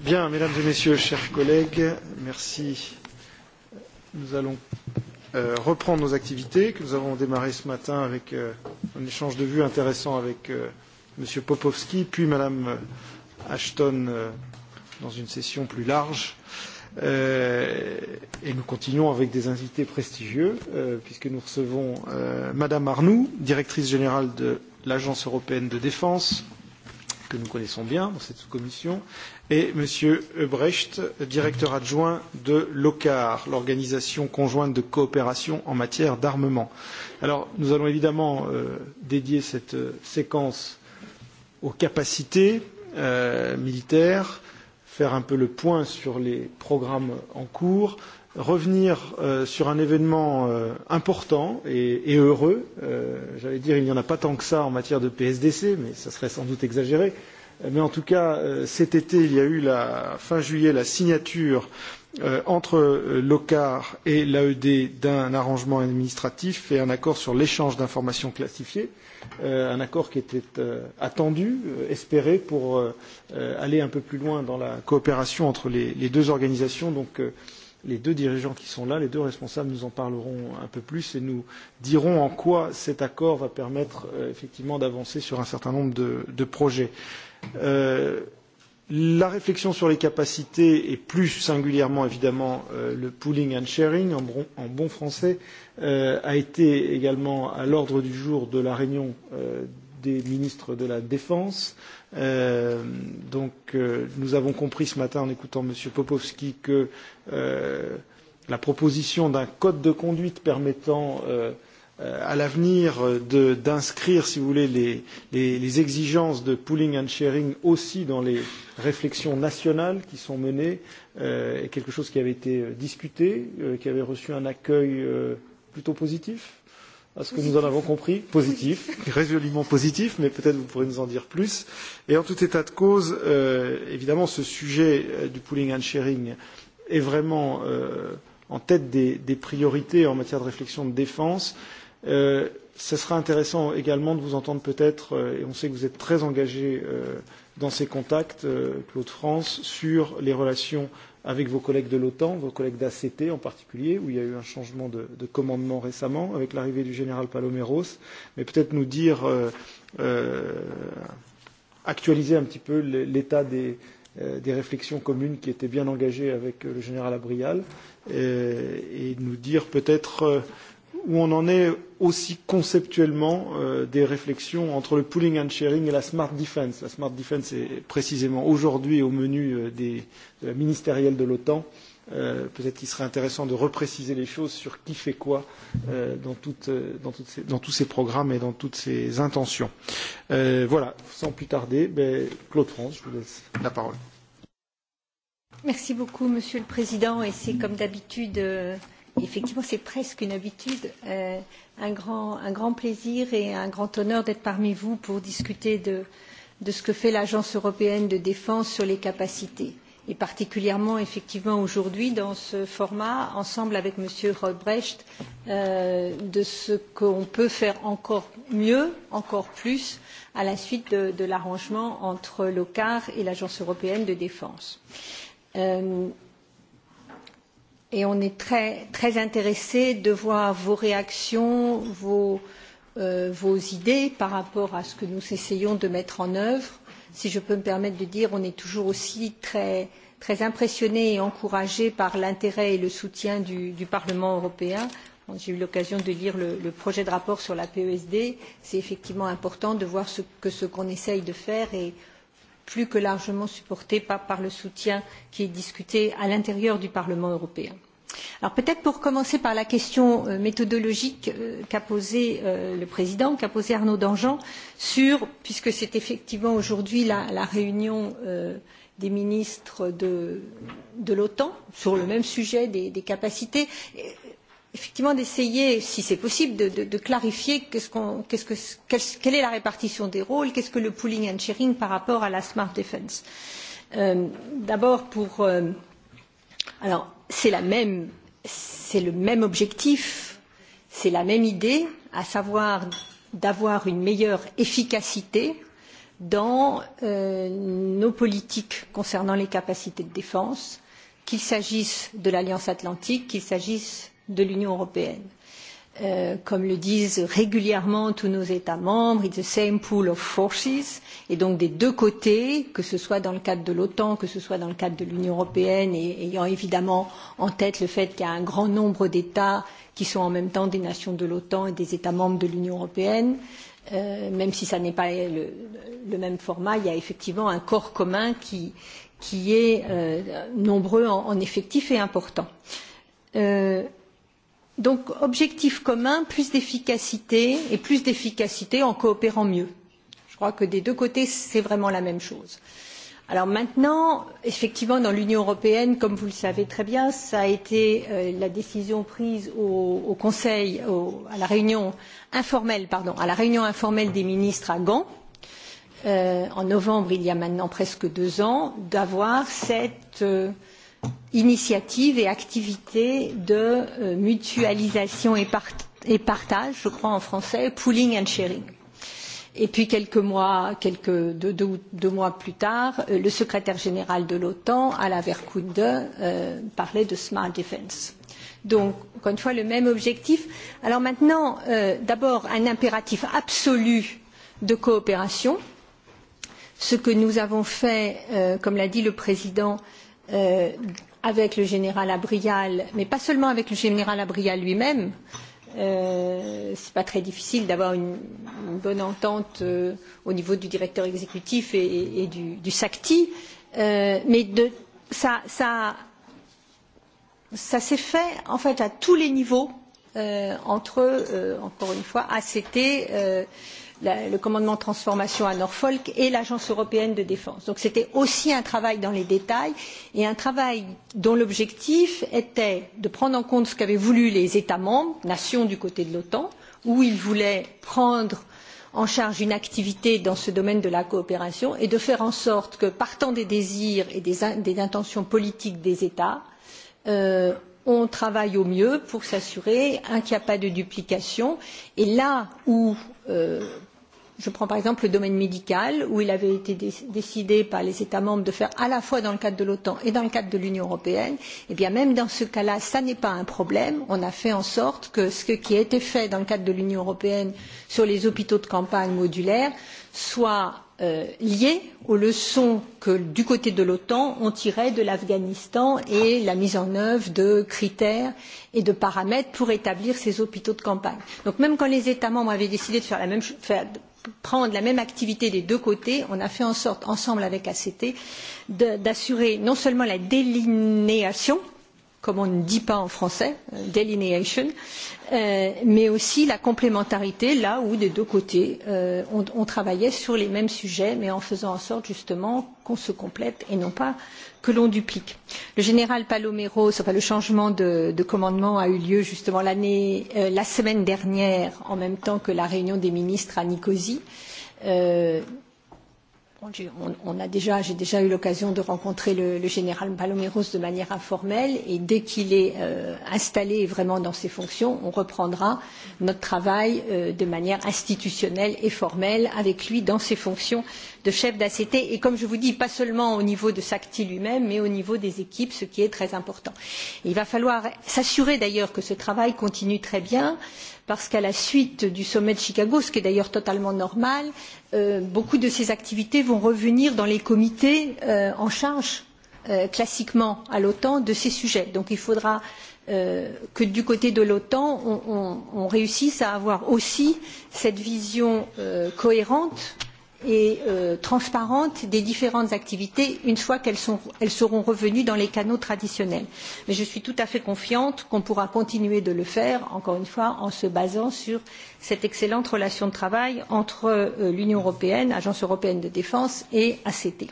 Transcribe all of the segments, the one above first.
Bien, mesdames et messieurs, chers collègues, merci. Nous allons euh, reprendre nos activités que nous avons démarrées ce matin avec euh, un échange de vues intéressant avec euh, M. Popovski, puis Mme euh, Ashton euh, dans une session plus large. Euh, et nous continuons avec des invités prestigieux, euh, puisque nous recevons euh, Madame Arnoux, directrice générale de l'Agence européenne de défense, que nous connaissons bien dans cette sous-commission, et M. Ebrecht, directeur adjoint de l'OCAR, l'Organisation conjointe de coopération en matière d'armement. Alors, nous allons évidemment euh, dédier cette euh, séquence aux capacités euh, militaires, faire un peu le point sur les programmes en cours, revenir euh, sur un événement euh, important et, et heureux. Euh, J'allais dire, il n'y en a pas tant que ça en matière de PSDC, mais ça serait sans doute exagéré. Mais en tout cas, euh, cet été, il y a eu la, fin juillet la signature euh, entre euh, l'OCAR et l'AED d'un arrangement administratif et un accord sur l'échange d'informations classifiées, euh, un accord qui était euh, attendu, euh, espéré pour euh, euh aller un peu plus loin dans la coopération entre les, les deux organisations. Donc, euh, les deux dirigeants qui sont là, les deux responsables, nous en parleront un peu plus et nous diront en quoi cet accord va permettre euh, effectivement d'avancer sur un certain nombre de, de projets. Euh, la réflexion sur les capacités et plus singulièrement évidemment euh, le pooling and sharing en bon, en bon français euh, a été également à l'ordre du jour de la réunion euh, des ministres de la Défense. Euh, Euh, donc euh, nous avons compris ce matin en écoutant M. Popovski que euh, la proposition d'un code de conduite permettant euh, à l'avenir d'inscrire, si vous voulez, les, les, les exigences de pooling and sharing aussi dans les réflexions nationales qui sont menées euh, est quelque chose qui avait été euh, discuté, euh, qui avait reçu un accueil euh, plutôt positif à ce que nous en avons compris, positif, résolument positif, mais peut-être vous pourrez nous en dire plus. Et en tout état de cause, euh, évidemment, ce sujet euh, du pooling and sharing est vraiment euh, en tête des, des priorités en matière de réflexion de défense. Ce Euh, sera intéressant également de vous entendre peut-être, euh, et on sait que vous êtes très engagé euh, dans ces contacts, euh, Claude France, sur les relations avec vos collègues de l'OTAN, vos collègues d'ACT en particulier, où il y a eu un changement de, de commandement récemment avec l'arrivée du général Paloméros, mais peut-être nous dire, euh, euh, actualiser un petit peu l'état des, euh, des réflexions communes qui étaient bien engagées avec euh, le général Abrial, euh, et nous dire peut-être euh, où on en est aussi conceptuellement euh, des réflexions entre le pooling and sharing et la smart defense. La smart defense est précisément aujourd'hui au menu euh, des, de la ministérielle de l'OTAN. Euh, Peut-être qu'il serait intéressant de repréciser les choses sur qui fait quoi euh, dans, toute, euh, dans, toutes ces, dans tous ces programmes et dans toutes ces intentions. Euh, voilà, sans plus tarder, ben, Claude France, je vous laisse la parole. Merci beaucoup, Monsieur le Président. Et c'est comme d'habitude. Euh Effectivement, c'est presque une habitude, euh, un, grand, un grand plaisir et un grand honneur d'être parmi vous pour discuter de, de ce que fait l'Agence européenne de défense sur les capacités et particulièrement effectivement aujourd'hui dans ce format ensemble avec m. Brecht euh, de ce qu'on peut faire encore mieux, encore plus à la suite de, de l'arrangement entre l'OCAR et l'Agence européenne de défense. Euh, et on est très, très intéressé de voir vos réactions, vos, euh, vos idées par rapport à ce que nous essayons de mettre en œuvre. Si je peux me permettre de dire, on est toujours aussi très, très impressionné et encouragé par l'intérêt et le soutien du, du Parlement européen. J'ai eu l'occasion de lire le, le projet de rapport sur la PESD. C'est effectivement important de voir ce que ce qu'on essaye de faire est plus que largement supporté par, par le soutien qui est discuté à l'intérieur du Parlement européen. Alors peut-être pour commencer par la question euh, méthodologique euh, qu'a posée euh, le président, qu'a posée Arnaud Dangean, sur, puisque c'est effectivement aujourd'hui la, la réunion des ministres de, de l'OTAN sur le même sujet des, des capacités, effectivement d'essayer, si c'est possible, de, de, de clarifier qu -ce qu qu -ce que, quelle, quelle est la répartition des rôles, qu'est-ce que le pooling and sharing par rapport à la smart defense. Euh, D'abord pour euh, c'est c'est le même objectif, c'est la même idée, à savoir d'avoir une meilleure efficacité dans euh, nos politiques concernant les capacités de défense, qu'il s'agisse de l'Alliance atlantique, qu'il s'agisse de l'Union européenne. Euh, comme le disent régulièrement tous nos États membres, it's the same pool of forces, et donc des deux côtés, que ce soit dans le cadre de l'OTAN, que ce soit dans le cadre de l'Union européenne, et ayant évidemment en tête le fait qu'il y a un grand nombre d'États qui sont en même temps des nations de l'OTAN et des États membres de l'Union européenne, euh, même si ça n'est pas le, le même format, il y a effectivement un corps commun qui, qui est euh, nombreux en, en effectif et important. Euh, Donc, objectif commun, plus d'efficacité et plus d'efficacité en coopérant mieux. Je crois que des deux côtés, c'est vraiment la même chose. Alors maintenant, effectivement, dans l'Union européenne, comme vous le savez très bien, ça a été euh, la décision prise au, au Conseil, au, à la réunion informelle, pardon, à la réunion informelle des ministres à Gand, euh, en novembre, il y a maintenant presque deux ans, d'avoir cette euh, initiatives et activités de euh, mutualisation et, partage, je crois en français, pooling and sharing. Et puis quelques mois, deux, mois plus tard, euh, le secrétaire général de l'OTAN, Alain Verkunde, euh, parlait de smart defence. Donc, encore une fois, le même objectif. Alors maintenant, d'abord, un impératif absolu de coopération. Ce que nous avons fait, comme l'a dit le président, euh, euh, avec le général Abrial, mais pas seulement avec le général Abrial lui-même. Euh, n'est pas très difficile d'avoir une, une bonne entente euh, au niveau du directeur exécutif et, et, et du, du SACTI, euh, mais de, ça, ça, ça s'est fait en fait à tous les niveaux euh, entre, euh, encore une fois, ACT, euh, le commandement de transformation à Norfolk et l'Agence européenne de défense. Donc c'était aussi un travail dans les détails et un travail dont l'objectif était de prendre en compte ce qu'avaient voulu les États membres, nations du côté de l'OTAN, où ils voulaient prendre en charge une activité dans ce domaine de la coopération et de faire en sorte que, partant des désirs et des, in des intentions politiques des États, euh, on travaille au mieux pour s'assurer qu'il n'y a pas de duplication. Et là où, euh, je prends par exemple le domaine médical, où il avait été dé décidé par les États membres de faire à la fois dans le cadre de l'OTAN et dans le cadre de l'Union européenne. Eh bien, même dans ce cas-là, ça n'est pas un problème. On a fait en sorte que ce qui a été fait dans le cadre de l'Union européenne sur les hôpitaux de campagne modulaires soit euh, lié aux leçons que, du côté de l'OTAN, on tirait de l'Afghanistan et la mise en œuvre de critères et de paramètres pour établir ces hôpitaux de campagne. Donc, même quand les États membres avaient décidé de faire la même chose, prendre la même activité des deux côtés, on a fait en sorte, ensemble avec ACT, d'assurer non seulement la délinéation, comme on ne dit pas en français, euh, delineation, euh, mais aussi la complémentarité, là où des deux côtés, euh, on, on travaillait sur les mêmes sujets, mais en faisant en sorte justement qu'on se complète et non pas que l'on duplique. Le général Palomero, enfin, le changement de, de commandement a eu lieu justement euh, la semaine dernière, en même temps que la réunion des ministres à Nicosie. Euh, on, a déjà, j'ai déjà eu l'occasion de rencontrer le, le général Palomeros de manière informelle et dès qu'il est euh, installé vraiment dans ses fonctions, on reprendra notre travail euh, de manière institutionnelle et formelle avec lui dans ses fonctions de chef d'ACT et comme je vous dis, pas seulement au niveau de SACTI lui-même, mais au niveau des équipes, ce qui est très important. Et il va falloir s'assurer d'ailleurs que ce travail continue très bien parce qu'à la suite du sommet de Chicago, ce qui est d'ailleurs totalement normal, Euh, beaucoup de ces activités vont revenir dans les comités euh, en charge euh, classiquement à l'OTAN de ces sujets. Donc il faudra que du côté de l'OTAN, on, on, on réussisse à avoir aussi cette vision cohérente et euh, transparente des différentes activités une fois qu'elles elles seront revenues dans les canaux traditionnels. Mais je suis tout à fait confiante qu'on pourra continuer de le faire, encore une fois, en se basant sur cette excellente relation de travail entre euh, l'Union européenne, Agence européenne de défense et ACT.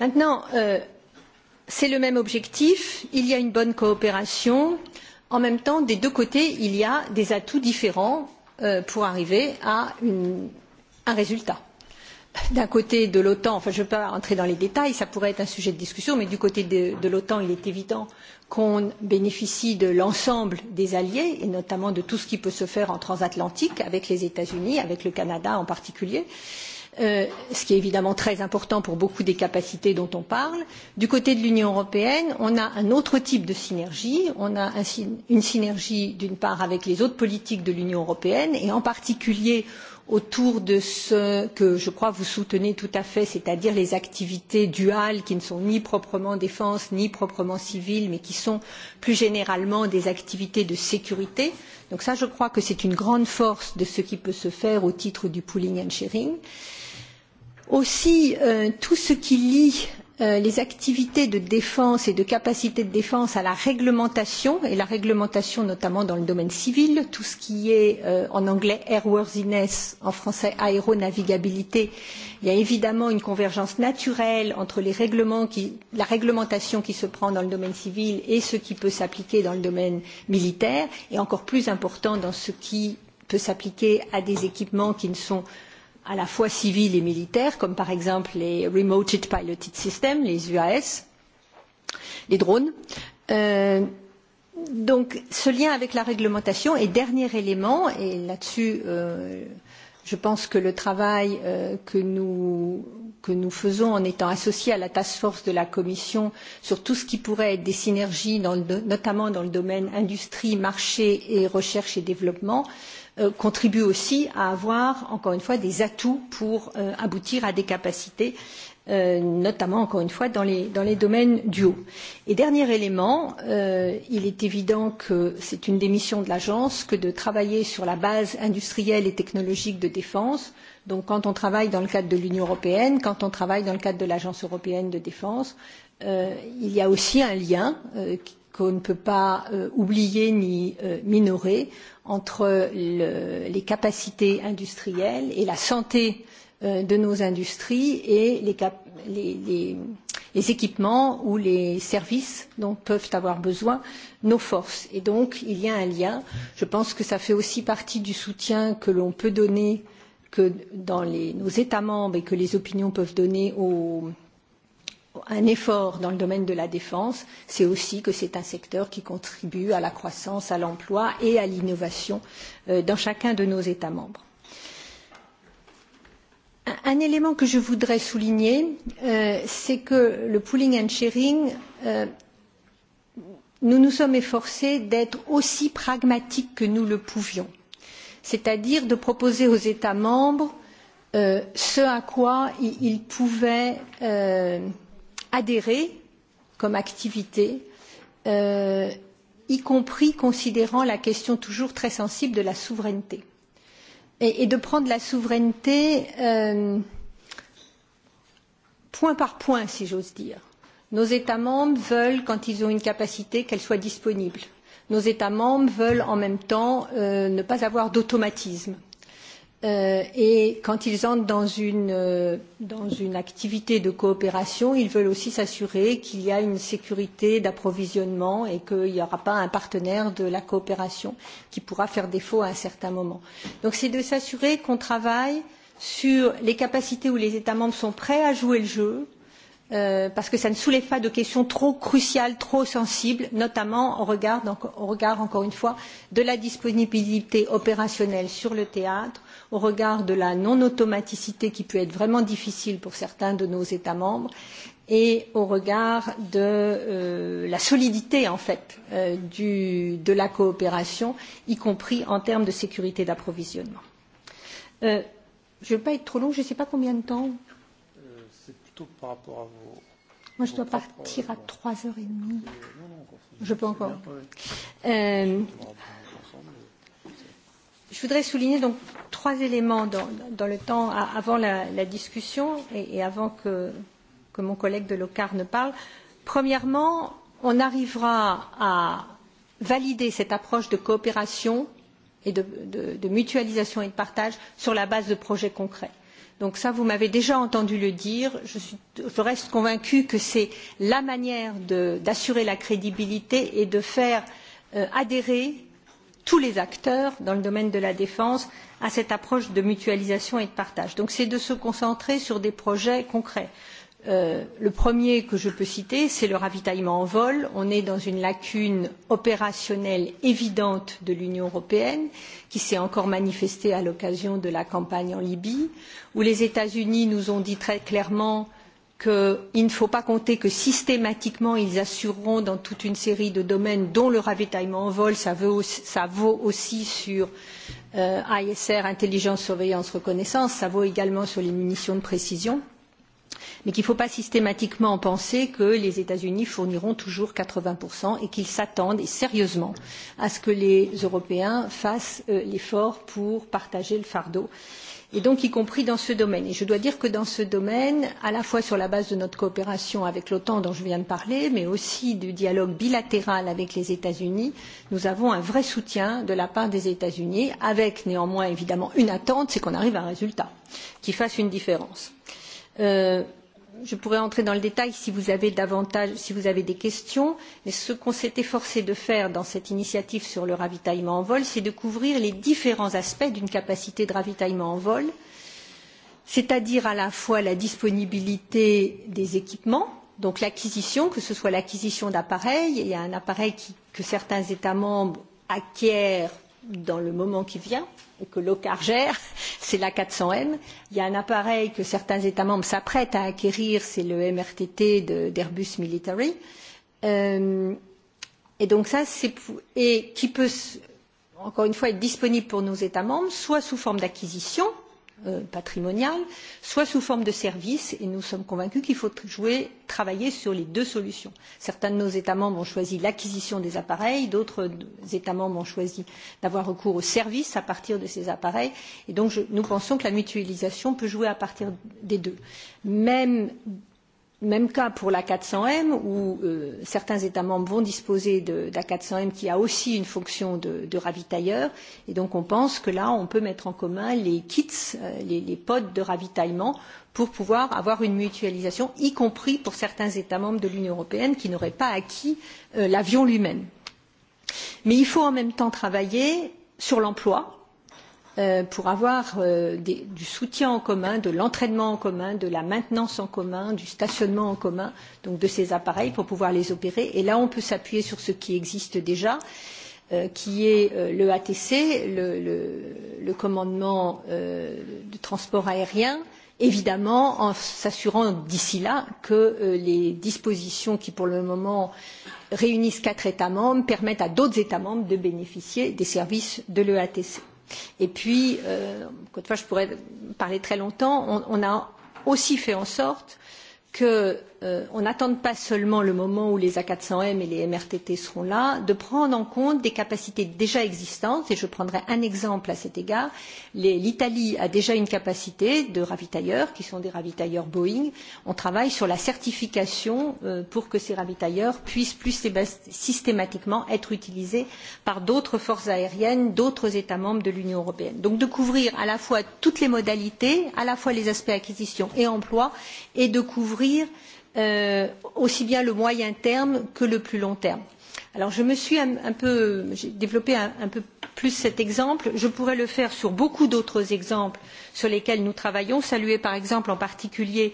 Maintenant, euh, c'est le même objectif, il y a une bonne coopération. En même temps, des deux côtés, il y a des atouts différents euh, pour arriver à une un résultat d'un côté de l'otan enfin je ne vais pas entrer dans les détails ça pourrait être un sujet de discussion mais du côté de, de l'otan il est évident qu'on bénéficie de l'ensemble des alliés et notamment de tout ce qui peut se faire en transatlantique avec les états unis avec le canada en particulier euh, ce qui est évidemment très important pour beaucoup des capacités dont on parle. Du côté de l'Union européenne, on a un autre type de synergie. On a un, une synergie d'une part avec les autres politiques de l'Union européenne et en particulier autour de ce que je crois vous soutenez tout à fait, c'est-à-dire les activités duales qui ne sont ni proprement défense ni proprement civile, mais qui sont plus généralement des activités de sécurité. Donc ça, je crois que c'est une grande force de ce qui peut se faire au titre du pooling and sharing. Aussi, euh, tout ce qui lie Euh, les activités de défense et de capacité de défense à la réglementation et la réglementation notamment dans le domaine civil tout ce qui est euh, en anglais airworthiness en français aéronavigabilité il y a évidemment une convergence naturelle entre les règlements qui, la réglementation qui se prend dans le domaine civil et ce qui peut s'appliquer dans le domaine militaire et encore plus important dans ce qui peut s'appliquer à des équipements qui ne sont à la fois civils et militaires, comme par exemple les Remoted Piloted Systems, les UAS, les drones. Euh, donc ce lien avec la réglementation et dernier élément, et là-dessus euh, je pense que le travail euh, que, nous, que nous faisons en étant associés à la task force de la Commission sur tout ce qui pourrait être des synergies, dans le, notamment dans le domaine industrie, marché et recherche et développement, euh, Euh, contribue aussi à avoir, encore une fois, des atouts pour euh, aboutir à des capacités euh, notamment encore une fois dans les, dans les domaines du haut. Et dernier élément, euh, il est évident que c'est une des missions de l'agence que de travailler sur la base industrielle et technologique de défense. Donc quand on travaille dans le cadre de l'Union européenne, quand on travaille dans le cadre de l'Agence européenne de défense, euh, il y a aussi un lien euh, qu'on ne peut pas euh, oublier ni euh, minorer entre le, les capacités industrielles et la santé euh, de nos industries et les, cap les, les, les équipements ou les services dont peuvent avoir besoin nos forces. Et donc, il y a un lien. Je pense que ça fait aussi partie du soutien que l'on peut donner que dans les, nos États membres et que les opinions peuvent donner aux un effort dans le domaine de la défense, c'est aussi que c'est un secteur qui contribue à la croissance, à l'emploi et à l'innovation euh, dans chacun de nos États membres. Un, élément que je voudrais souligner, euh, c'est que le pooling and sharing, euh, nous nous sommes efforcés d'être aussi pragmatiques que nous le pouvions, c'est-à-dire de proposer aux États membres ce à quoi ils pouvaient euh, adhérer comme activité euh, y compris considérant la question toujours très sensible de la souveraineté et, et de prendre la souveraineté euh, point par point si j'ose dire. nos états membres veulent quand ils ont une capacité qu'elle soit disponible. nos états membres veulent en même temps euh, ne pas avoir d'automatisme Euh, et quand ils entrent dans une, euh, dans une activité de coopération, ils veulent aussi s'assurer qu'il y a une sécurité d'approvisionnement et qu'il n'y aura pas un partenaire de la coopération qui pourra faire défaut à un certain moment. Donc c'est de s'assurer qu'on travaille sur les capacités où les États membres sont prêts à jouer le jeu, euh, parce que ça ne soulève pas de questions trop cruciales, trop sensibles, notamment au regard, donc, au regard encore une fois, de la disponibilité opérationnelle sur le théâtre au regard de la non automaticité qui peut être vraiment difficile pour certains de nos États membres et au regard de euh, la solidité en fait euh, du, de la coopération, y compris en termes de sécurité d'approvisionnement. Euh, je ne vais pas être trop long, je ne sais pas combien de temps. Euh, C'est plutôt par rapport à vos. Moi, je dois partir à 3h30. Euh, euh, je peux encore. Euh, je voudrais souligner donc trois éléments dans, dans le temps avant la, la discussion et, et avant que, que mon collègue de l'OCAR ne parle. Premièrement, on arrivera à valider cette approche de coopération et de, de, de mutualisation et de partage sur la base de projets concrets. Donc ça, vous m'avez déjà entendu le dire. Je, suis, je reste convaincue que c'est la manière d'assurer la crédibilité et de faire euh, adhérer tous les acteurs dans le domaine de la défense à cette approche de mutualisation et de partage. Donc c'est de se concentrer sur des projets concrets. Euh, le premier que je peux citer, c'est le ravitaillement en vol. On est dans une lacune opérationnelle évidente de l'Union européenne qui s'est encore manifestée à l'occasion de la campagne en Libye, où les États-Unis nous ont dit très clairement qu'il ne faut pas compter que systématiquement ils assureront dans toute une série de domaines dont le ravitaillement en vol ça, veut, ça vaut aussi sur euh, ISR intelligence surveillance reconnaissance ça vaut également sur les munitions de précision mais qu'il ne faut pas systématiquement penser que les états unis fourniront toujours quatre vingts et qu'ils s'attendent et sérieusement à ce que les européens fassent euh, l'effort pour partager le fardeau. Euh, et donc y compris dans ce domaine. Et je dois dire que dans ce domaine, à la fois sur la base de notre coopération avec l'OTAN dont je viens de parler, mais aussi du dialogue bilatéral avec les États-Unis, nous avons un vrai soutien de la part des États-Unis, avec néanmoins évidemment une attente, c'est qu'on arrive à un résultat qui fasse une différence. Euh, je pourrais entrer dans le détail si vous avez davantage, si vous avez des questions, mais ce qu'on s'est efforcé de faire dans cette initiative sur le ravitaillement en vol, c'est de couvrir les différents aspects d'une capacité de ravitaillement en vol, c'est-à-dire à la fois la disponibilité des équipements, donc l'acquisition, que ce soit l'acquisition d'appareils, il y a un appareil qui, que certains États membres acquièrent dans le moment qui vient et que l'OCAR gère, c'est la 400M. Il y a un appareil que certains États membres s'apprêtent à acquérir, c'est le MRTT d'Airbus Military. Euh, et donc ça, c'est et qui peut encore une fois être disponible pour nos États membres, soit sous forme d'acquisition, euh, Euh, patrimoniale, soit sous forme de services, et nous sommes convaincus qu'il faut jouer, travailler sur les deux solutions. Certains de nos États membres ont choisi l'acquisition des appareils, d'autres euh, États membres ont choisi d'avoir recours aux services à partir de ces appareils, et donc je, nous pensons que la mutualisation peut jouer à partir des deux. Même Même cas pour la 400M, où euh, certains États membres vont disposer de, de la 400M qui a aussi une fonction de, de ravitailleur. Et donc on pense que là, on peut mettre en commun les kits, euh, les, les pods de ravitaillement pour pouvoir avoir une mutualisation, y compris pour certains États membres de l'Union européenne qui n'auraient pas acquis euh, l'avion lui-même. Mais il faut en même temps travailler sur l'emploi, Euh, pour avoir euh, des, du soutien en commun, de l'entraînement en commun, de la maintenance en commun, du stationnement en commun, donc de ces appareils pour pouvoir les opérer. Et là, on peut s'appuyer sur ce qui existe déjà, euh, qui est euh, le ATC, le, le, le commandement euh, de transport aérien, évidemment en s'assurant d'ici là que euh, les dispositions qui pour le moment réunissent quatre États membres permettent à d'autres États membres de bénéficier des services de l'EATC. Et puis, encore une fois, je pourrais parler très longtemps, on a aussi fait en sorte que Euh, on n'attende pas seulement le moment où les A400M et les MRTT seront là, de prendre en compte des capacités déjà existantes. Et je prendrai un exemple à cet égard. L'Italie a déjà une capacité de ravitailleurs, qui sont des ravitailleurs Boeing. On travaille sur la certification euh, pour que ces ravitailleurs puissent plus systématiquement être utilisés par d'autres forces aériennes, d'autres États membres de l'Union européenne. Donc de couvrir à la fois toutes les modalités, à la fois les aspects acquisition et emploi, et de couvrir euh, aussi bien le moyen terme que le plus long terme. Alors je me suis un, un peu, j'ai développé un, un peu plus cet exemple. Je pourrais le faire sur beaucoup d'autres exemples sur lesquels nous travaillons. Saluer par exemple en particulier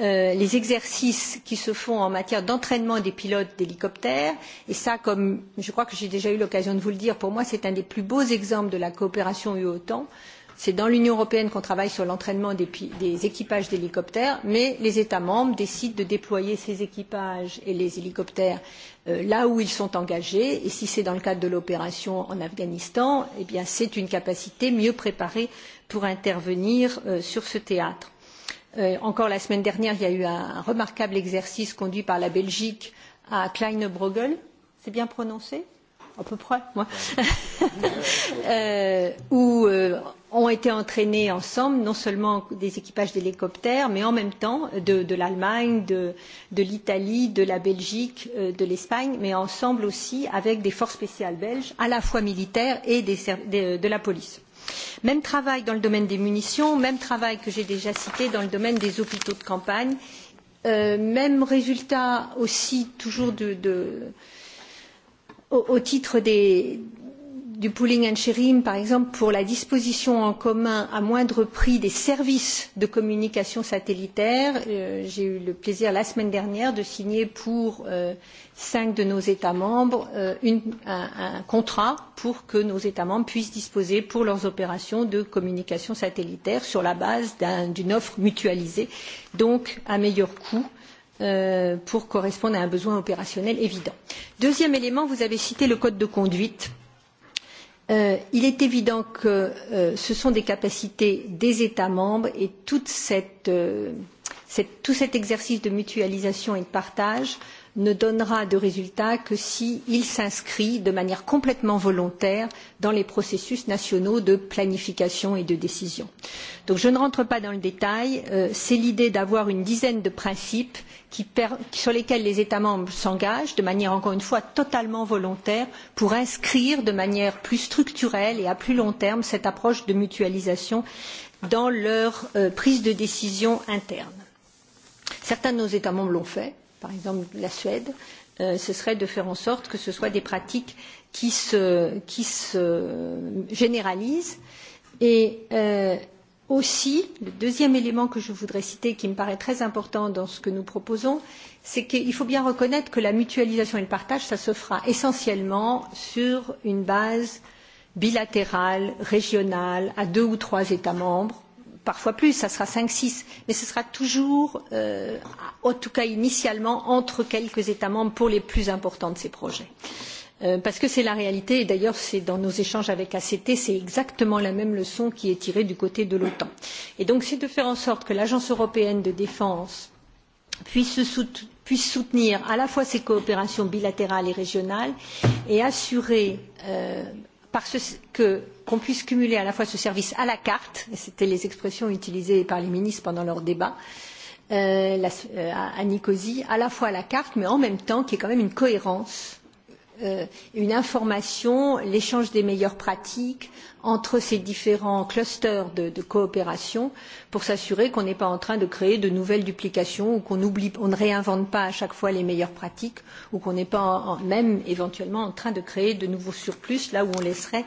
euh, les exercices qui se font en matière d'entraînement des pilotes d'hélicoptères. Et ça, comme je crois que j'ai déjà eu l'occasion de vous le dire, pour moi c'est un des plus beaux exemples de la coopération UE-OTAN C'est dans l'Union européenne qu'on travaille sur l'entraînement des, des équipages d'hélicoptères, mais les États membres décident de déployer ces équipages et les hélicoptères euh, là où ils sont engagés. Et si c'est dans le cadre de l'opération en Afghanistan, eh bien c'est une capacité mieux préparée pour intervenir euh, sur ce théâtre. Euh, encore la semaine dernière, il y a eu un, un remarquable exercice conduit par la Belgique à Kleinebruegel. C'est bien prononcé À peu près, moi. euh, où, euh, ont été entraînés ensemble, non seulement des équipages d'hélicoptères, mais en même temps de, de l'Allemagne, de, de l'Italie, de la Belgique, euh, de l'Espagne, mais ensemble aussi avec des forces spéciales belges, à la fois militaires et des, de, euh, de la police. Même travail dans le domaine des munitions, même travail que j'ai déjà cité dans le domaine des hôpitaux de campagne, euh, même résultat aussi toujours de, de, au, au titre des, du pooling and sharing, par exemple, pour la disposition en commun à moindre prix des services de communication satellitaire. Euh, J'ai eu le plaisir la semaine dernière de signer pour euh, cinq de nos États membres euh, une, un, un contrat pour que nos États membres puissent disposer pour leurs opérations de communication satellitaire sur la base d'une un, offre mutualisée, donc à meilleur coût euh, pour correspondre à un besoin opérationnel évident. Deuxième élément, vous avez cité le code de conduite. Euh, Euh, il est évident que euh, ce sont des capacités des États membres et toute cette, euh, tout cet exercice de mutualisation et de partage doit ne donnera de résultat que s'il si s'inscrit de manière complètement volontaire dans les processus nationaux de planification et de décision. Donc je ne rentre pas dans le détail, euh, c'est l'idée d'avoir une dizaine de principes qui per... sur lesquels les États membres s'engagent de manière encore une fois totalement volontaire pour inscrire de manière plus structurelle et à plus long terme cette approche de mutualisation dans leur euh, prise de décision interne. Certains de nos États membres l'ont fait, par exemple la Suède, euh, ce serait de faire en sorte que ce soit des pratiques qui se, qui se généralisent. Et euh, aussi, le deuxième élément que je voudrais citer, qui me paraît très important dans ce que nous proposons, c'est qu'il faut bien reconnaître que la mutualisation et le partage, ça se fera essentiellement sur une base bilatérale, régionale, à deux ou trois États membres parfois plus, ça sera 5-6, mais ce sera toujours, euh, en tout cas initialement, entre quelques États membres pour les plus importants de ces projets. Euh, parce que c'est la réalité, et d'ailleurs c'est dans nos échanges avec ACT, c'est exactement la même leçon qui est tirée du côté de l'OTAN. Et donc c'est de faire en sorte que l'Agence européenne de défense puisse soutenir puisse soutenir à la fois ces coopérations bilatérales et régionales et assurer euh, que qu'on puisse cumuler à la fois ce service à la carte et c'était les expressions utilisées par les ministres pendant leur débat euh, la, euh, à Nicosie, à la fois à la carte, mais en même temps qu'il y ait quand même une cohérence Euh, une information, l'échange des meilleures pratiques entre ces différents clusters de, de coopération pour s'assurer qu'on n'est pas en train de créer de nouvelles duplications ou qu'on on ne réinvente pas à chaque fois les meilleures pratiques ou qu'on n'est pas en, même éventuellement en train de créer de nouveaux surplus là où on laisserait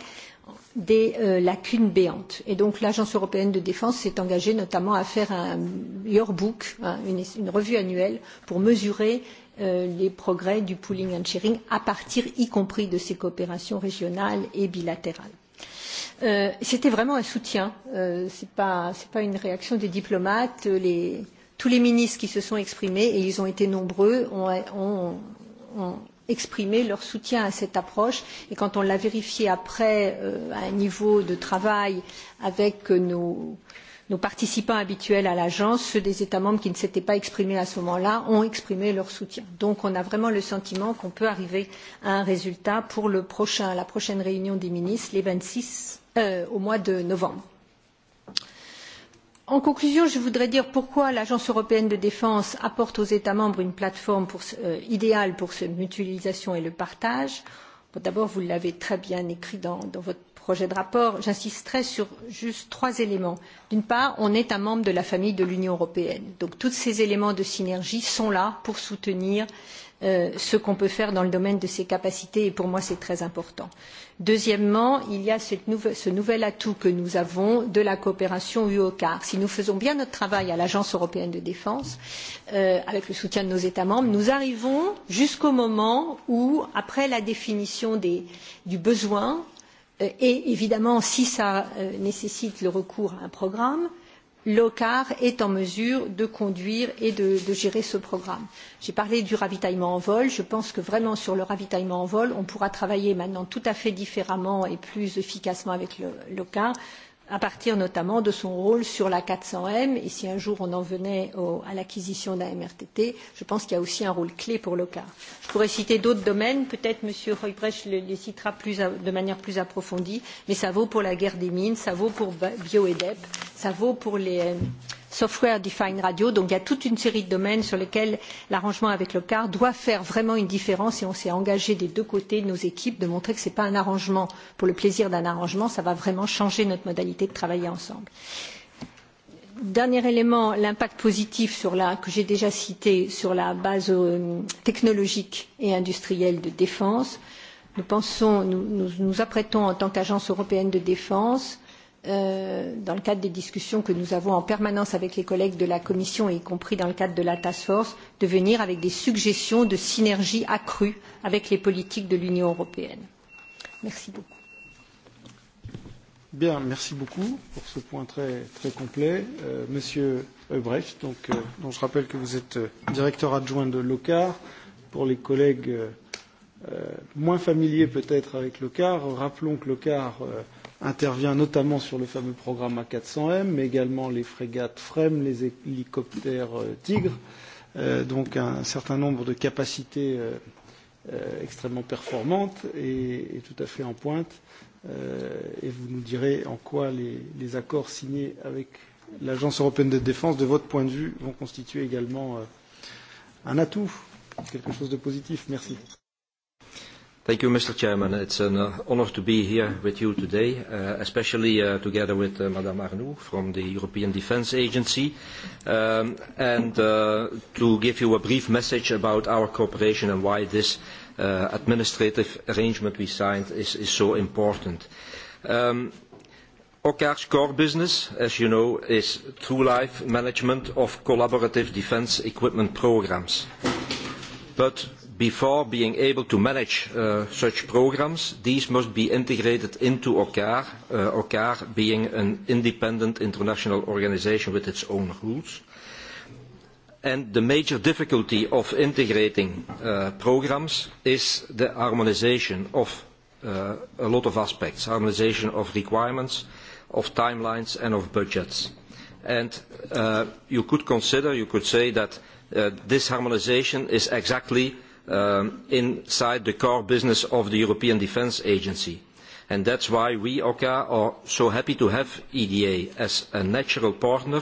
des euh, lacunes béantes. Et donc l'Agence européenne de défense s'est engagée notamment à faire un yearbook, hein, une, une revue annuelle pour mesurer Euh, les progrès du pooling and sharing à partir y compris de ces coopérations régionales et bilatérales. Euh, C'était vraiment un soutien, euh, ce n'est pas, pas une réaction des diplomates. Euh, les, tous les ministres qui se sont exprimés, et ils ont été nombreux, ont, ont, ont exprimé leur soutien à cette approche. Et quand on l'a vérifié après euh, à un niveau de travail avec nos, nos participants habituels à l'agence, ceux des États membres qui ne s'étaient pas exprimés à ce moment-là, ont exprimé leur soutien. Donc on a vraiment le sentiment qu'on peut arriver à un résultat pour le prochain, la prochaine réunion des ministres, les 26, euh, au mois de novembre. En conclusion, je voudrais dire pourquoi l'Agence européenne de défense apporte aux États membres une plateforme pour, euh, idéale pour cette mutualisation et le partage. D'abord, vous l'avez très bien écrit dans, dans votre projet de rapport, j'insisterai sur juste trois éléments. D'une part, on est un membre de la famille de l'Union européenne. Donc tous ces éléments de synergie sont là pour soutenir euh, ce qu'on peut faire dans le domaine de ses capacités et pour moi c'est très important. Deuxièmement, il y a cette nouvel, ce nouvel atout que nous avons de la coopération UOCAR. Si nous faisons bien notre travail à l'Agence européenne de défense, euh, avec le soutien de nos États membres, nous arrivons jusqu'au moment où, après la définition des, du besoin, Euh, et évidemment, si ça euh, nécessite le recours à un programme, l'OCAR est en mesure de conduire et de, de gérer ce programme. J'ai parlé du ravitaillement en vol. Je pense que vraiment sur le ravitaillement en vol, on pourra travailler maintenant tout à fait différemment et plus efficacement avec l'OCAR à partir notamment de son rôle sur la 400M. Et si un jour on en venait au, à l'acquisition d'un MRTT, je pense qu'il y a aussi un rôle clé pour l'OCAR. Je pourrais citer d'autres domaines, peut-être M. Heubrecht les, les citera plus à, de manière plus approfondie, mais ça vaut pour la guerre des mines, ça vaut pour BioEDEP, ça vaut pour les, euh, software defined radio. Donc il y a toute une série de domaines sur lesquels l'arrangement avec le car doit faire vraiment une différence et on s'est engagé des deux côtés de nos équipes de montrer que ce n'est pas un arrangement pour le plaisir d'un arrangement, ça va vraiment changer notre modalité de travailler ensemble. Dernier élément, l'impact positif sur la, que j'ai déjà cité sur la base euh, technologique et industrielle de défense. Nous pensons, nous nous, nous apprêtons en tant qu'agence européenne de défense Euh, dans le cadre des discussions que nous avons en permanence avec les collègues de la Commission, y compris dans le cadre de la task force, de venir avec des suggestions de synergie accrue avec les politiques de l'Union européenne. Merci beaucoup. Bien, merci beaucoup pour ce point très, très complet. Euh, Monsieur Ebrecht, donc, euh, dont je rappelle que vous êtes euh, directeur adjoint de l'OCAR, pour les collègues euh, Euh, moins familiers peut-être avec le CAR, rappelons que le CAR euh, intervient notamment sur le fameux programme A400M, mais également les frégates FREM, les hélicoptères euh, Tigre, euh, donc un certain nombre de capacités euh, euh, extrêmement performantes et, et tout à fait en pointe. Euh, et vous nous direz en quoi les, les accords signés avec l'Agence européenne de défense, de votre point de vue, vont constituer également euh, un atout, quelque chose de positif. Merci. Thank you, Mr. Chairman. It's an uh, honor to be here with you today, uh, especially uh, together with uh, Madame Arnoux from the European Defence Agency, um, and uh, to give you a brief message about our cooperation and why this uh, administrative arrangement we signed is, is so important. Um, OCAR's core business, as you know, is true life management of collaborative defence equipment programs. But before being able to manage uh, such programs, these must be integrated into OCAR, uh, being an independent international organization with its own rules. And the major difficulty of integrating uh, programs is the harmonization of uh, a lot of aspects, harmonization of requirements, of timelines and of budgets. And uh, you could consider, you could say that uh, this harmonization is exactly Um, inside the core business of the European Defence Agency. And that's why we, OCA, are so happy to have EDA as a natural partner,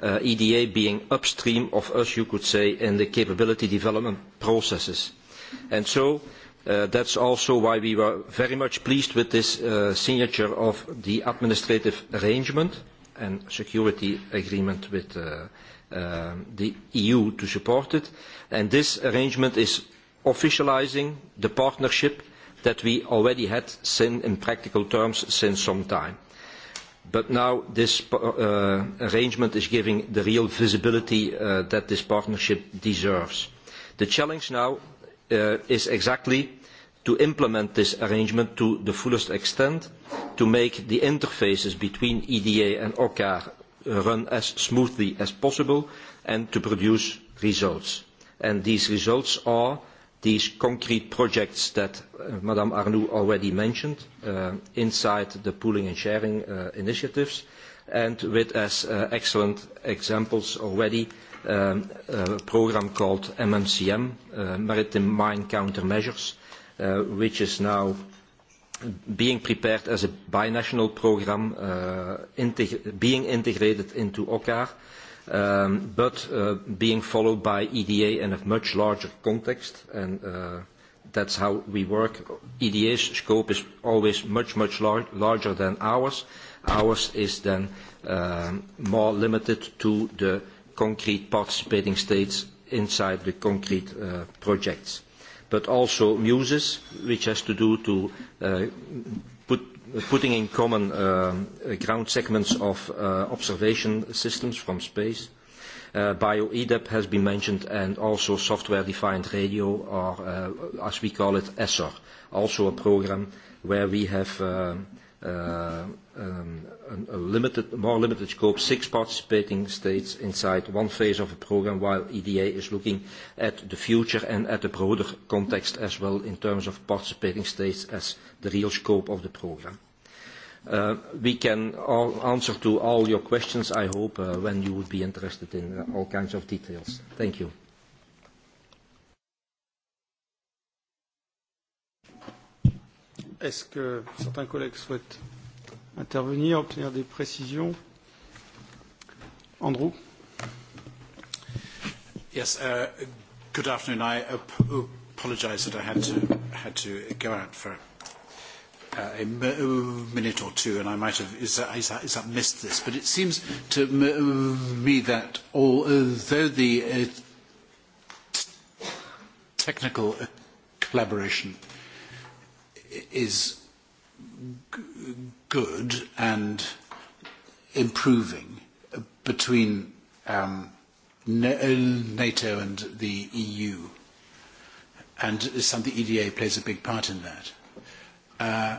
uh, EDA being upstream of us, you could say, in the capability development processes. And so uh, that's also why we were very much pleased with this uh, signature of the administrative arrangement and security agreement with uh, uh, the EU to support it. And this arrangement is officializing the partnership that we already had sin, in practical terms since some time. But now this uh, arrangement is giving the real visibility uh, that this partnership deserves. The challenge now uh, is exactly to implement this arrangement to the fullest extent, to make the interfaces between EDA and OCAR uh, run as smoothly as possible, and to produce results. And these results are these concrete projects that uh, Madame Arnoux already mentioned uh, inside the pooling and sharing uh, initiatives and with as uh, excellent examples already um, a program called MMCM, uh, Maritime Mine Countermeasures, uh, which is now being prepared as a binational program, uh, integ being integrated into OCCAR, Um, but uh, being followed by EDA in a much larger context. And uh, that's how we work. EDA's scope is always much, much larger than ours. Ours is then um, more limited to the concrete participating states inside the concrete uh, projects. But also MUSES, which has to do to putting in common uh, ground segments of uh, observation systems from space. Uh, BioEDEP has been mentioned, and also software-defined radio, or uh, as we call it, ESSOR, also a program where we have uh, uh Um, a limited, more limited scope, six participating states inside one phase of a program, while EDA is looking at the future and at the broader context as well in terms of participating states as the real scope of the program. Uh, we can all answer to all your questions, I hope, uh, when you would be interested in uh, all kinds of details. Thank you. Est-ce que certains collègues souhaitent intervenir, obtenir des précisions. Andrew. Yes, uh, good afternoon. I apologize that I had to, had to go out for uh, a minute or two, and I might have is that, is that, is that missed this. But it seems to me that although the uh, technical collaboration is good and improving between um, uh, NATO and the EU, and some, the EDA plays a big part in that. Uh,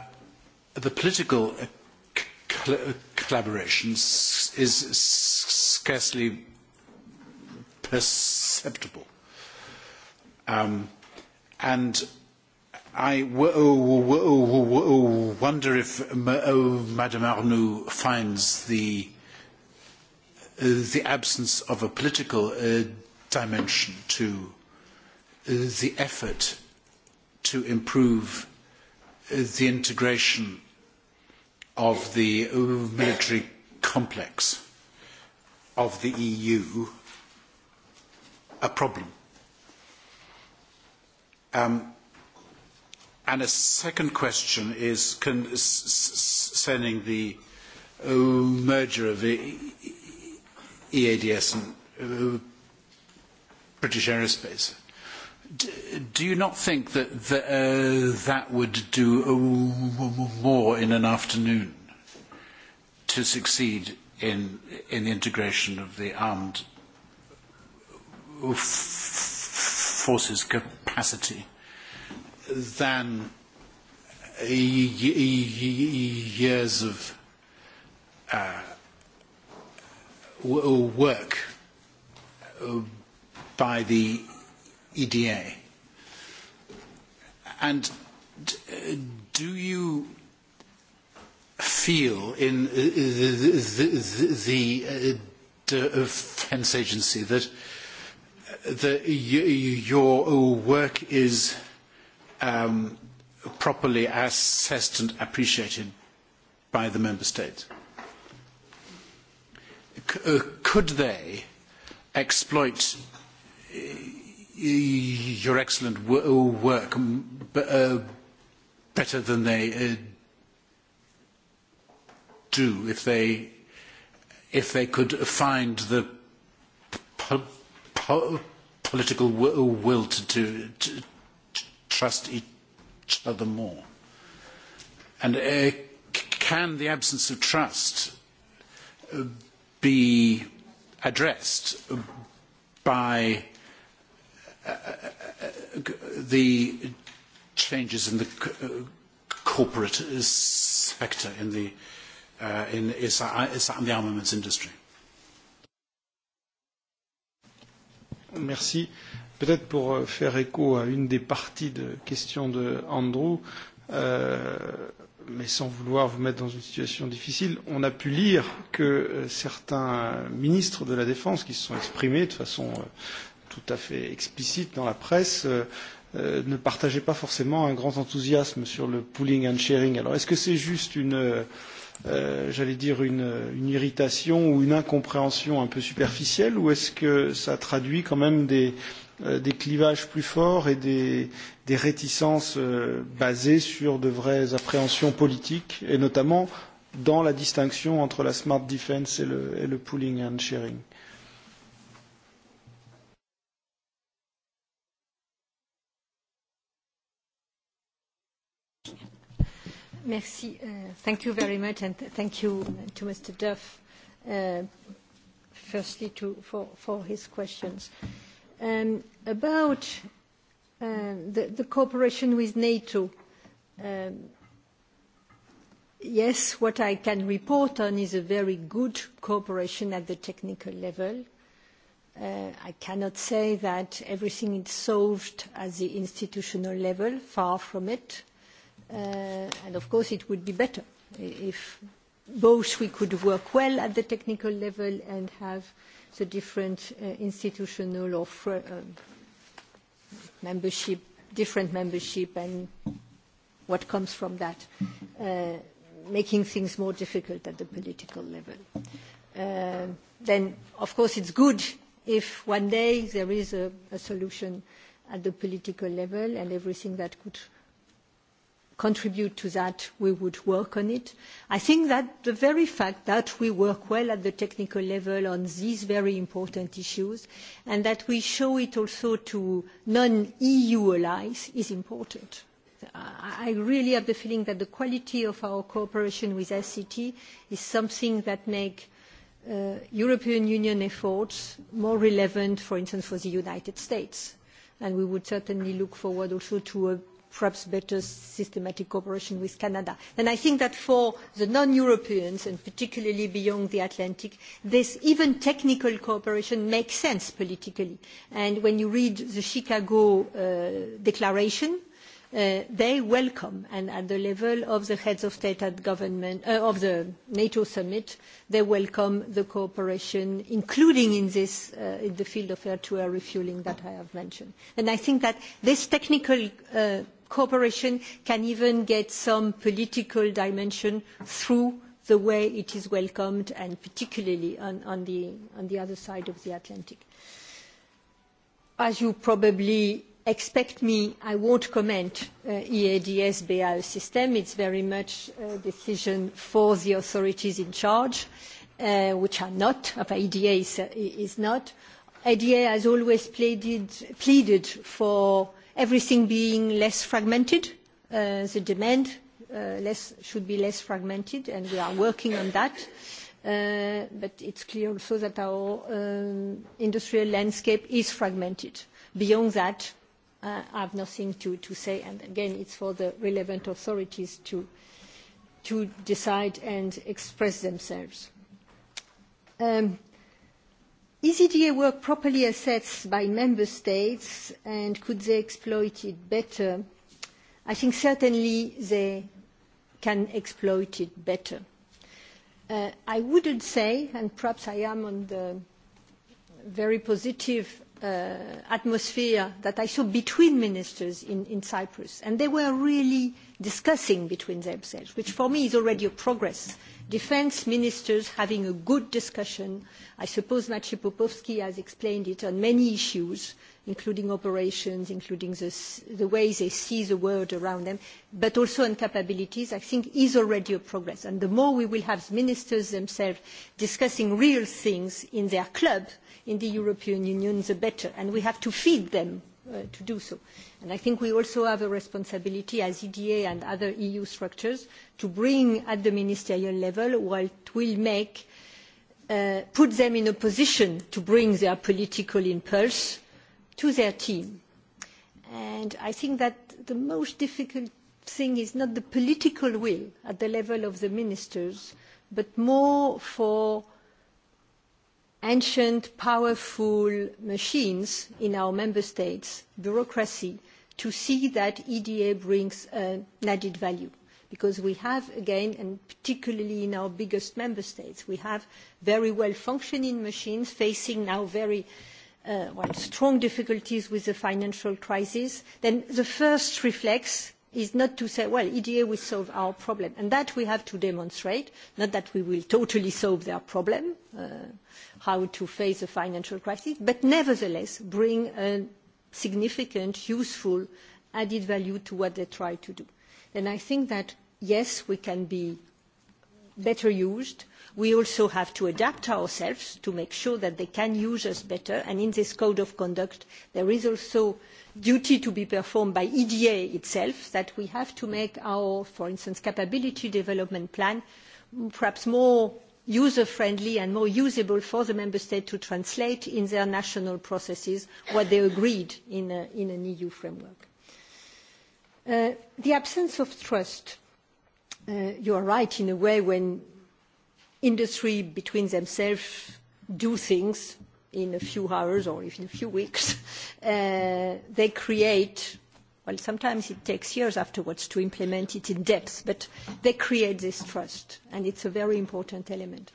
the political uh, cl uh, collaboration is scarcely perceptible. Um, and i wonder if oh, Madame Arnoux finds the, uh, the absence of a political uh, dimension to uh, the effort to improve uh, the integration of the military complex of the EU a problem. Um, And a second question is concerning the uh, merger of EADS e, e and uh, British Aerospace. do you not think that uh, that would do more in an afternoon to succeed in, in the integration of the armed forces capacity? than years of uh, work uh, by the EDA. And do you feel in uh, uh, the defense agency that, the, your work is um, properly assessed and appreciated by the member states? C uh, could they exploit uh, your excellent uh, work uh, better than they uh, do if they if they could find the po po political uh, will to, to, trust each other more? And uh, can the absence of trust uh, be addressed by uh, uh the changes in the uh, corporate sector in the uh, in, is, is in the armaments industry? Merci. Peut-être pour euh, faire écho à une des parties de question de Andrew, euh, mais sans vouloir vous mettre dans une situation difficile, on a pu lire que euh, certains ministres de la Défense qui se sont exprimés de façon euh, tout à fait explicite dans la presse euh, ne partageaient pas forcément un grand enthousiasme sur le pooling and sharing. Alors est-ce que c'est juste une euh, Euh, j'allais dire, une, une irritation ou une incompréhension un peu superficielle, ou est-ce que ça traduit quand même des, euh, des clivages plus forts et des, des réticences euh, basées sur de vraies appréhensions politiques, et notamment dans la distinction entre la smart defense et le, et le pooling and sharing Merci. Uh, thank you very much, and thank you to Mr. Duff, uh, firstly for, his questions. Um, about um, the, cooperation with NATO, um, yes, what I can report on is a very good cooperation at the technical level. Uh, I cannot say that everything is solved at the institutional level, far from it. Uh, and of course, it would be better if both we could work well at the technical level and have the different uh, institutional or uh, membership, different membership and what comes from that, uh, making things more difficult at the political level. Uh, then, of course, it's good if one day there is a, a solution at the political level and everything that could contribute to that, we would work on it. I think that the very fact that we work well at the technical level on these very important issues and that we show it also to non-EU allies is important. I really have the feeling that the quality of our cooperation with ICT is something that makes uh, European Union efforts more relevant, for instance, for the United States. And we would certainly look forward also to a perhaps better systematic cooperation with Canada. And I think that for the non-Europeans, and particularly beyond the Atlantic, this even technical cooperation makes sense politically. And when you read the Chicago uh, Declaration, Uh, they welcome and at the level of the heads of state and government uh, of the NATO summit they welcome the cooperation including in this uh, in the field of air to air refuelling that I have mentioned and I think that this technical uh, cooperation can even get some political dimension through the way it is welcomed and particularly on, on, the, on the other side of the Atlantic. As you probably expect me, I won't comment uh, EADS BAO system. It's very much a decision for the authorities in charge, uh, which are not, ADA is, uh, is not. ADA has always pleaded, pleaded for everything being less fragmented, uh, the demand uh, less, should be less fragmented, and we are working on that. Uh, but it's clear also that our um, industrial landscape is fragmented. Beyond that, uh, I have nothing to, to say. And again, it's for the relevant authorities to, to decide and express themselves. Um, ECDA work properly assessed by member states and could they exploit it better? I think certainly they can exploit it better. Uh, I wouldn't say, and perhaps I am on the very positive uh, atmosphere that I saw between ministers in, in Cyprus, and they were really discussing between themselves, which for me is already a progress defense ministers having a good discussion. I suppose Maciej Popowski has explained it on many issues, including operations, including the, the way they see the world around them, but also on capabilities, I think is already a progress. And the more we will have ministers themselves discussing real things in their club, in the European Union, the better. And we have to feed them uh, to do so. And I think we also have a responsibility as EDA and other EU structures to bring at the ministerial level what will make, uh, put them in a position to bring their political impulse to their team. And I think that the most difficult thing is not the political will at the level of the ministers, but more for ancient, powerful machines in our member states, bureaucracy, to see that EDA brings an added value. Because we have, again, and particularly in our biggest member states, we have very well functioning machines facing now very uh, well, strong difficulties with the financial crisis. Then the first reflex is not to say, well, EDA will solve our problem. And that we have to demonstrate, not that we will totally solve their problem, uh, how to face the financial crisis, but nevertheless bring a significant, useful added value to what they try to do. And I think that, yes, we can be better used, We also have to adapt ourselves to make sure that they can use us better. And in this code of conduct, there is also duty to be performed by EDA itself that we have to make our, for instance, capability development plan perhaps more user-friendly and more usable for the member state to translate in their national processes what they agreed in, a, in an EU framework. Uh, the absence of trust. Uh, you are right in a way when industry between themselves do things in a few hours or even a few weeks. Uh, they create, well, sometimes it takes years afterwards to implement it in depth, but they create this trust, and it's a very important element.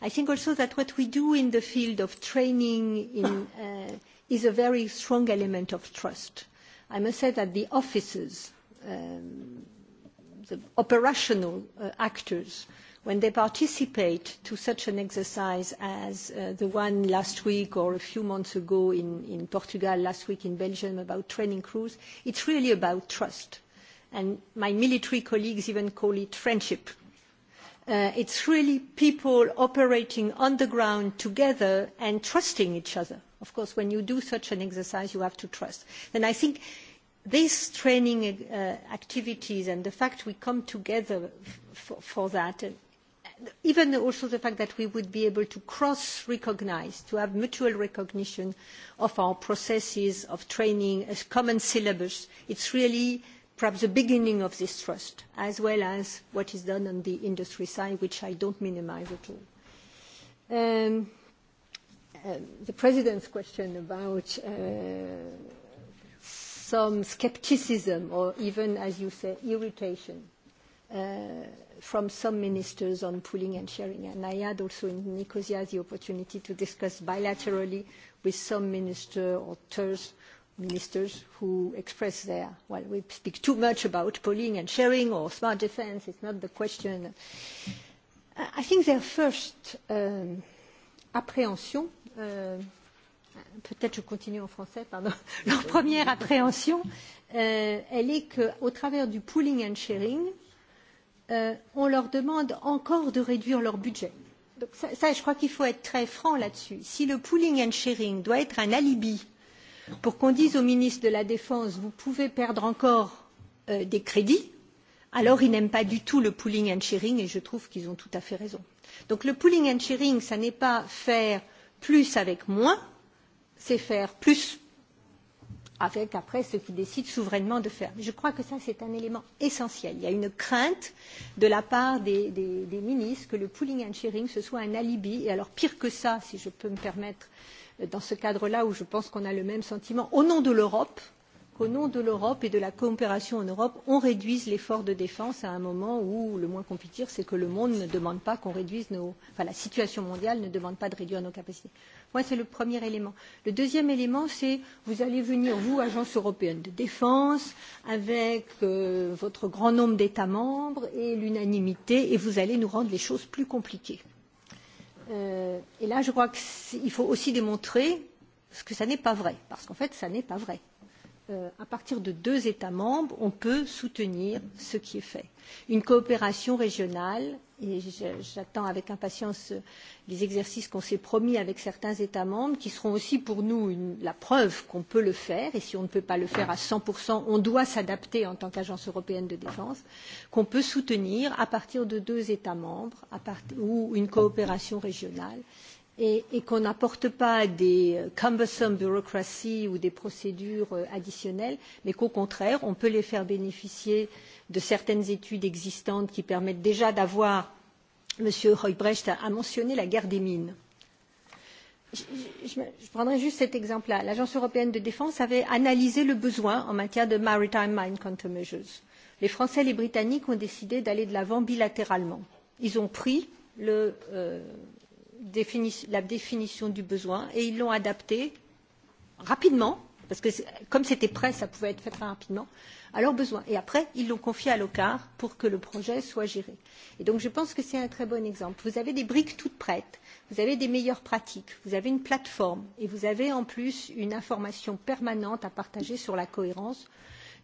I think also that what we do in the field of training in, uh, is a very strong element of trust. I must say that the officers, um, the operational uh, actors, uh, when they participate to such an exercise as uh, the one last week or a few months ago in, in Portugal, last week in Belgium about training crews, it's really about trust. And my military colleagues even call it friendship. Uh, it's really people operating on the ground together and trusting each other. Of course, when you do such an exercise, you have to trust. And I think these training uh, activities and the fact we come together f- for that uh, even also the fact that we would be able to cross recognise, to have mutual recognition of our processes of training, a common syllabus, it's really perhaps the beginning of this trust, as well as what is done on the industry side, which I don't minimise at all. Um, um, the President's question about uh, some scepticism or even, as you say, irritation from some ministers on pooling and sharing. And I had also in Nicosia the opportunity to discuss bilaterally with some minister or ters, ministers who expressed their, well, we speak too much about pooling and sharing or smart defense, it's not the question. I think their first um, appréhension, uh, um, peut-être je continue en français, pardon, leur première appréhension, euh, elle est qu'au travers du pooling and sharing, euh, euh, on leur demande encore de réduire leur budget. Donc ça, ça je crois qu'il faut être très franc là-dessus. Si le pooling and sharing doit être un alibi pour qu'on dise au ministre de la Défense vous pouvez perdre encore euh, des crédits, alors ils n'aiment pas du tout le pooling and sharing et je trouve qu'ils ont tout à fait raison. Donc le pooling and sharing, ça n'est pas faire plus avec moins, c'est faire plus avec après ceux qui décident souverainement de faire. Je crois que ça, c'est un élément essentiel. Il y a une crainte de la part des, des, des ministres que le pooling and sharing, ce soit un alibi. Et alors, pire que ça, si je peux me permettre, euh, dans ce cadre-là où je pense qu'on a le même sentiment, au nom de l'Europe, qu'au nom de l'Europe et de la coopération en Europe, on réduise l'effort de défense à un moment où le moins qu'on puisse dire, c'est que le monde ne demande pas qu'on réduise nos, enfin la situation mondiale ne demande pas de réduire nos capacités. Moi, c'est le premier élément. Le deuxième élément, c'est vous allez venir, vous, agence européenne de défense, avec euh, votre grand nombre d'États membres et l'unanimité, et vous allez nous rendre les choses plus compliquées. Euh, et là, je crois qu'il faut aussi démontrer ce que ça n'est pas vrai, parce qu'en fait, ça n'est pas vrai euh, à partir de deux États membres, on peut soutenir ce qui est fait. Une coopération régionale Et j'attends avec impatience euh, les exercices qu'on s'est promis avec certains États membres, qui seront aussi pour nous une, la preuve qu'on peut le faire. Et si on ne peut pas le faire à 100%, on doit s'adapter en tant qu'agence européenne de défense, qu'on peut soutenir à partir de deux États membres à part, ou une coopération régionale et, et qu'on n'apporte pas des cumbersome bureaucracies ou des procédures euh, additionnelles, mais qu'au contraire, on peut les faire bénéficier de certaines études existantes qui permettent déjà d'avoir M. Heubrecht a mentionné la guerre des mines. Je, je, je prendrai juste cet exemple-là. L'Agence européenne de défense avait analysé le besoin en matière de maritime mine countermeasures. Les Français et les Britanniques ont décidé d'aller de l'avant bilatéralement. Ils ont pris le, euh, la définition du besoin et ils l'ont adaptée rapidement, parce que comme c'était prêt, ça pouvait être fait très rapidement, à leurs besoins. Et après, ils l'ont confié à l'OCAR pour que le projet soit géré. Et donc, je pense que c'est un très bon exemple. Vous avez des briques toutes prêtes, vous avez des meilleures pratiques, vous avez une plateforme et vous avez en plus une information permanente à partager sur la cohérence.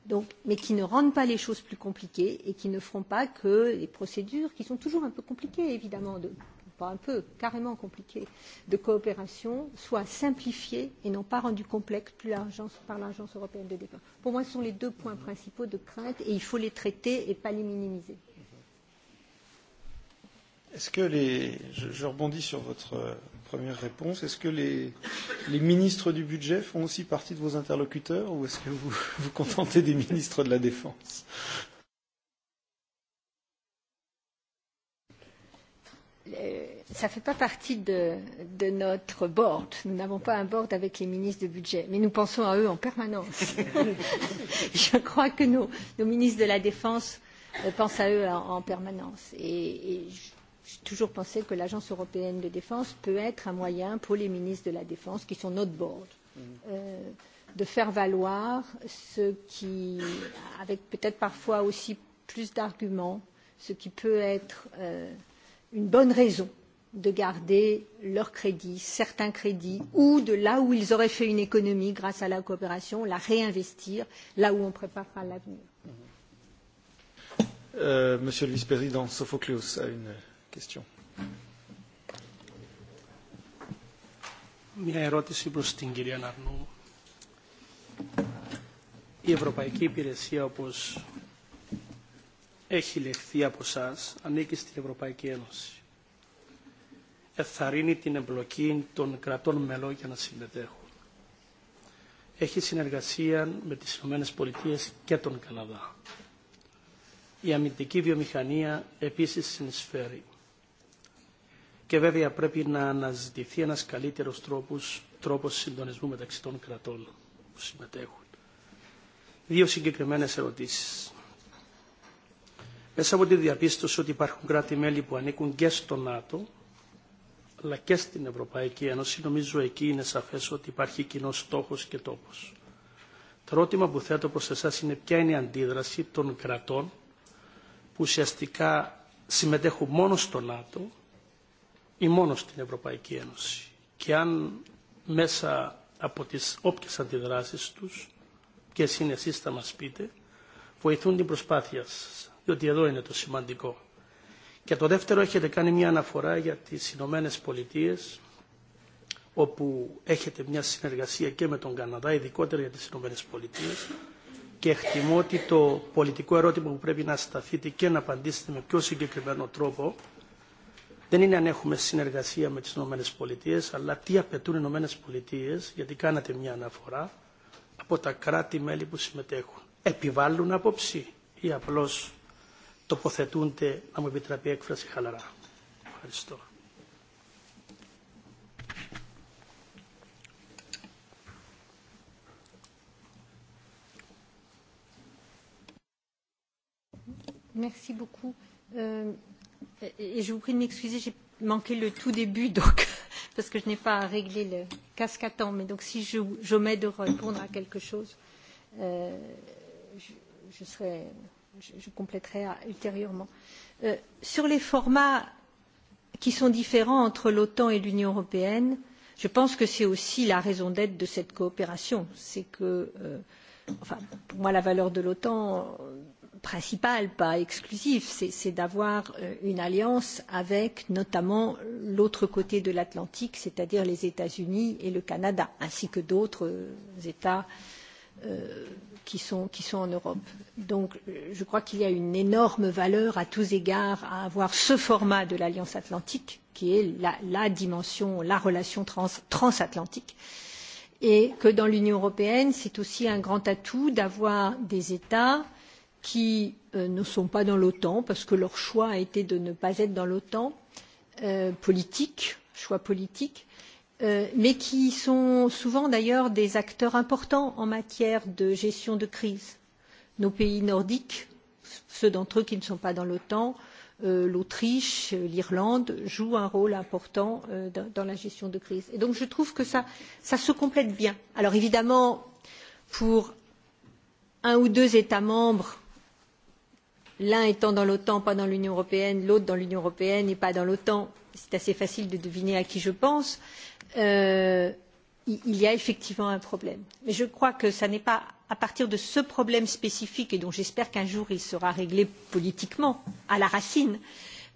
Donc, mais qui ne rendent pas les choses plus compliquées et qui ne feront pas que les procédures, qui sont toujours un peu compliquées évidemment de, pas un peu, carrément compliqué, de coopération soit simplifié et non pas rendu complexe plus par l'Agence européenne de défense. Pour moi, ce sont les deux points principaux de crainte et il faut les traiter et pas les minimiser. Est-ce que les, je, je rebondis sur votre euh, première réponse, est-ce que les, les ministres du budget font aussi partie de vos interlocuteurs ou est-ce que vous vous contentez des ministres de la Défense Euh, ça ne fait pas partie de, de notre board. Nous n'avons pas un board avec les ministres du budget, mais nous pensons à eux en permanence. Je crois que nos, nos ministres de la Défense euh, pensent à eux en, en permanence. Et, et j'ai toujours pensé que l'Agence européenne de défense peut être un moyen pour les ministres de la Défense, qui sont notre board, mm-hmm. euh, de faire valoir ce qui, avec peut-être parfois aussi plus d'arguments, ce qui peut être. Euh, une bonne raison de garder leurs crédits, certains crédits, ou de là où ils auraient fait une économie grâce à la coopération, la réinvestir là où on préparera l'avenir. Euh, monsieur le vice-président Sophocleos a une question. Μια ερώτηση προς την κυρία Ναρνού. Η Ευρωπαϊκή Υπηρεσία, όπως έχει λεχθεί από εσά ανήκει στην Ευρωπαϊκή Ένωση. Εθαρρύνει την εμπλοκή των κρατών μελών για να συμμετέχουν. Έχει συνεργασία με τις ΗΠΑ και τον Καναδά. Η αμυντική βιομηχανία επίσης συνεισφέρει. Και βέβαια πρέπει να αναζητηθεί ένας καλύτερος τρόπος, τρόπος συντονισμού μεταξύ των κρατών που συμμετέχουν. Δύο συγκεκριμένες ερωτήσεις Μέσα από τη διαπίστωση ότι υπάρχουν κράτη-μέλη που ανήκουν και στο ΝΑΤΟ, αλλά και στην Ευρωπαϊκή Ένωση, νομίζω εκεί είναι σαφέ ότι υπάρχει κοινό στόχο και τόπο. Το ερώτημα που θέτω προ εσά είναι ποια είναι η αντίδραση των κρατών που ουσιαστικά συμμετέχουν μόνο στο ΝΑΤΟ ή μόνο στην Ευρωπαϊκή Ένωση. Και αν μέσα από τις όποιες αντιδράσεις τους, ποιες είναι εσείς θα μας πείτε, βοηθούν την προσπάθεια σας διότι εδώ είναι το σημαντικό. Και το δεύτερο έχετε κάνει μια αναφορά για τις Ηνωμένε Πολιτείε, όπου έχετε μια συνεργασία και με τον Καναδά, ειδικότερα για τις Ηνωμένε Πολιτείε. Και εκτιμώ ότι το πολιτικό ερώτημα που πρέπει να σταθείτε και να απαντήσετε με πιο συγκεκριμένο τρόπο δεν είναι αν έχουμε συνεργασία με τις Ηνωμένε Πολιτείες, αλλά τι απαιτούν οι Ηνωμένε Πολιτείες, γιατί κάνατε μια αναφορά, από τα κράτη-μέλη που συμμετέχουν. Επιβάλλουν άποψη ή απλώς τοποθετούνται, να μου επιτραπεί έκφραση χαλαρά. Ευχαριστώ. Merci beaucoup. Euh, et je vous prie de m'excuser, j'ai manqué le tout début, donc, parce que je n'ai pas réglé le casque à temps. Mais donc, si j'omets de répondre à quelque chose, euh, je, je serai je, compléterai ultérieurement. Euh, sur les formats qui sont différents entre l'OTAN et l'Union européenne, je pense que c'est aussi la raison d'être de cette coopération. C'est que, euh, enfin, pour moi, la valeur de l'OTAN principale, pas exclusive, c'est d'avoir euh, une alliance avec notamment l'autre côté de l'Atlantique, c'est-à-dire les États-Unis et le Canada, ainsi que d'autres euh, États Euh, qui, sont, qui sont en Europe. Donc euh, je crois qu'il y a une énorme valeur à tous égards à avoir ce format de l'Alliance atlantique, qui est la, la dimension, la relation trans, transatlantique, et que dans l'Union européenne, c'est aussi un grand atout d'avoir des États qui euh, ne sont pas dans l'OTAN, parce que leur choix a été de ne pas être dans l'OTAN, euh, politique, choix politique, euh, Euh, mais qui sont souvent d'ailleurs des acteurs importants en matière de gestion de crise. Nos pays nordiques, ceux d'entre eux qui ne sont pas dans l'OTAN, euh, l'Autriche, l'Irlande jouent un rôle important euh, dans la gestion de crise. Et donc je trouve que cela se complète bien. Alors évidemment, pour un ou deux États membres, l'un étant dans l'OTAN, pas dans l'Union européenne, l'autre dans l'Union européenne et pas dans l'OTAN, c'est assez facile de deviner à qui je pense. Euh, euh, il y a effectivement un problème. Mais je crois que ce n'est pas à partir de ce problème spécifique, et dont j'espère qu'un jour il sera réglé politiquement, à la racine,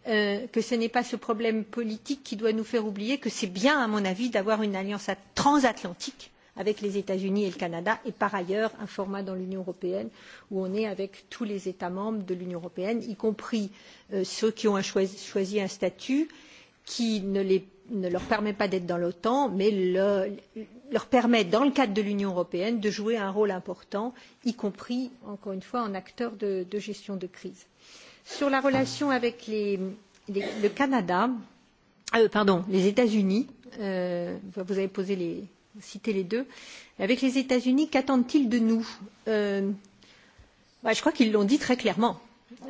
euh, que ce n'est pas ce problème politique qui doit nous faire oublier que c'est bien, à mon avis, d'avoir une alliance transatlantique avec les états unis et le canada et par ailleurs un format dans l'union européenne où on est avec tous les états membres de l'union européenne y compris euh, ceux qui ont un choisi, choisi un statut qui ne les ne leur permet pas d'être dans l'OTAN, mais le, leur permet, dans le cadre de l'Union européenne, de jouer un rôle important, y compris, encore une fois, en acteur de, de gestion de crise. Sur la relation avec les, les, le Canada, euh, pardon, les États-Unis, euh, vous avez posé les, cité les deux, avec les États-Unis, qu'attendent-ils de nous euh, bah, Je crois qu'ils l'ont dit très clairement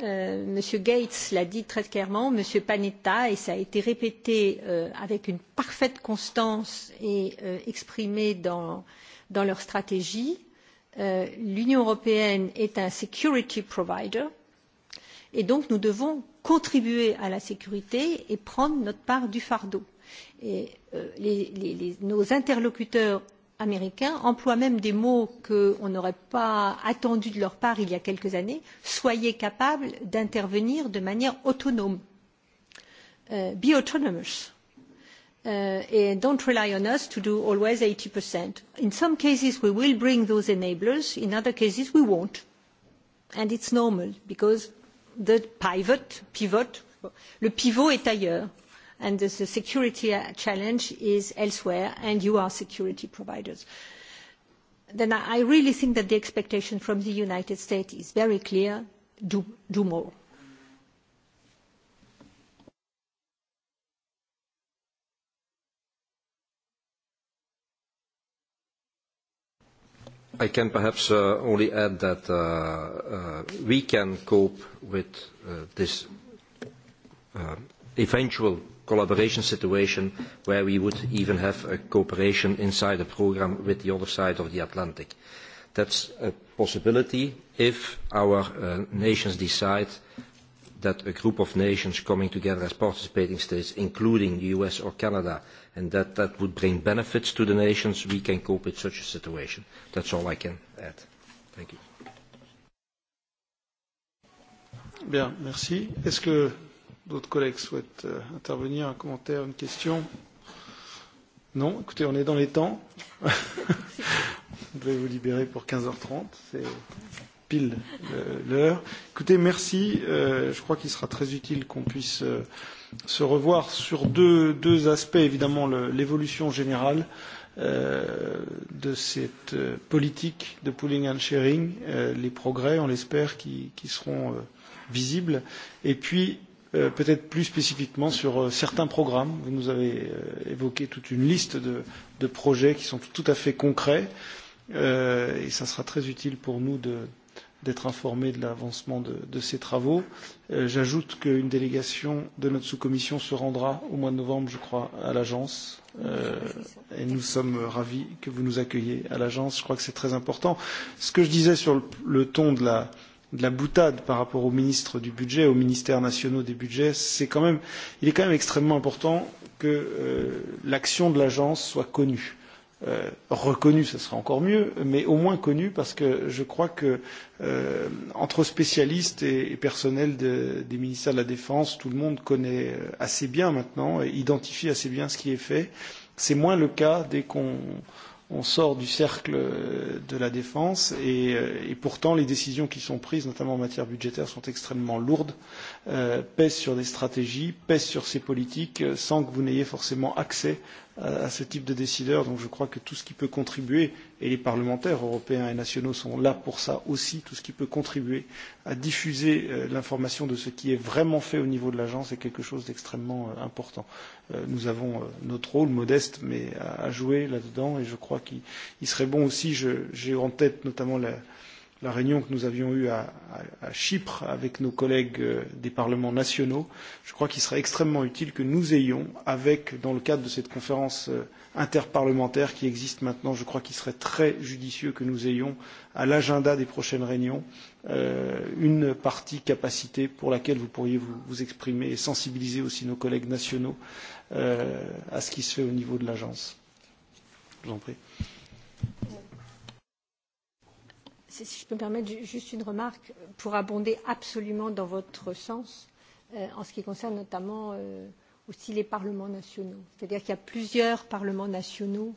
Euh, M. Gates l'a dit très clairement, M. Panetta, et cela a été répété euh, avec une parfaite constance et euh, exprimé dans, leur stratégie, l'Union européenne est un security provider et donc nous devons contribuer à la sécurité et prendre notre part du fardeau. nos interlocuteurs américains emploient même des mots qu'on n'aurait pas attendus de leur part il y a quelques années soyez capables d'intervenir de manière autonome euh, be autonomous uh, and don't rely on us to do always 80%. In some cases we will bring those enablers, in other cases we won't. And it's normal because the pivot, pivot, le pivot est ailleurs and the security uh, challenge is elsewhere, and you are security providers. Then I really think that the expectation from the United States is very clear, do, do more. I can perhaps uh, only add that uh, we can cope with this eventual collaboration situation where we would even have a cooperation inside a program with the other side of the Atlantic. That's a possibility if our uh, nations decide that a group of nations coming together as participating states, including the US or Canada, and that that would bring benefits to the nations, we can cope with such a situation. That's all I can add. Thank you. Bien, merci. Est-ce que D'autres collègues souhaitent euh, intervenir, un commentaire, une question Non Écoutez, on est dans les temps. vous devez vous libérer pour 15h30. C'est pile euh, l'heure. Écoutez, merci. Euh, je crois qu'il sera très utile qu'on puisse euh, se revoir sur deux, deux aspects. Évidemment, l'évolution générale euh, de cette euh, politique de pooling and sharing, les progrès, on l'espère, qui, qui seront visibles, et puis Euh, peut-être plus spécifiquement sur euh, certains programmes. Vous nous avez euh, évoqué toute une liste de, de projets qui sont tout à fait concrets euh, et ça sera très utile pour nous de, d'être informés de l'avancement de, de ces travaux. Euh, J'ajoute qu'une délégation de notre sous-commission se rendra au mois de novembre, je crois, à l'agence. Euh, et nous sommes ravis que vous nous accueilliez à l'agence. Je crois que c'est très important. Ce que je disais sur le, le ton de la, euh, de la boutade par rapport au ministre du budget, aux ministères nationaux des budgets, c'est quand même, il est quand même extrêmement important que euh, l'action de l'agence soit connue. Euh, reconnue, ce serait encore mieux, mais au moins connue parce que je crois que euh, entre spécialistes et, et personnel de, des ministères de la Défense, tout le monde connaît euh, assez bien maintenant et identifie assez bien ce qui est fait. C'est moins le cas dès qu'on euh, on sort du cercle de la défense et, euh, et pourtant les décisions qui sont prises, notamment en matière budgétaire, sont extrêmement lourdes, euh, pèsent sur des stratégies, pèsent sur ces politiques, euh, sans que vous n'ayez forcément accès à, ce type de décideurs. Donc je crois que tout ce qui peut contribuer, et les parlementaires européens et nationaux sont là pour ça aussi, tout ce qui peut contribuer à diffuser euh, l'information de ce qui est vraiment fait au niveau de l'agence est quelque chose d'extrêmement euh, important. Euh, nous avons notre rôle modeste, mais à, jouer là-dedans, et je crois qu'il serait bon aussi, j'ai en tête notamment la, la réunion que nous avions eue à, à, à Chypre avec nos collègues euh, des parlements nationaux, je crois qu'il serait extrêmement utile que nous ayons, avec, dans le cadre de cette conférence euh, interparlementaire qui existe maintenant, je crois qu'il serait très judicieux que nous ayons à l'agenda des prochaines réunions euh, une partie capacité pour laquelle vous pourriez vous, vous exprimer et sensibiliser aussi nos collègues nationaux euh, à ce qui se fait au niveau de l'agence. Je vous en prie. si je peux me permettre juste une remarque pour abonder absolument dans votre sens euh, en ce qui concerne notamment euh, aussi les parlements nationaux. C'est-à-dire qu'il y a plusieurs parlements nationaux,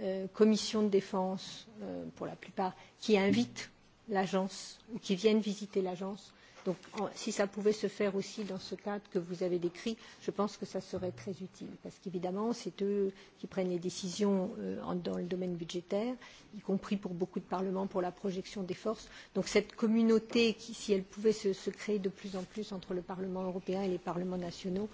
euh, commissions de défense euh, pour la plupart, qui invitent l'agence ou qui viennent visiter l'agence Donc en, si ça pouvait se faire aussi dans ce cadre que vous avez décrit, je pense que ça serait très utile. Parce qu'évidemment, c'est eux qui prennent les décisions euh, en, dans le domaine budgétaire, y compris pour beaucoup de parlements, pour la projection des forces. Donc cette communauté, qui, si elle pouvait se, se créer de plus en plus entre le Parlement européen et les parlements nationaux,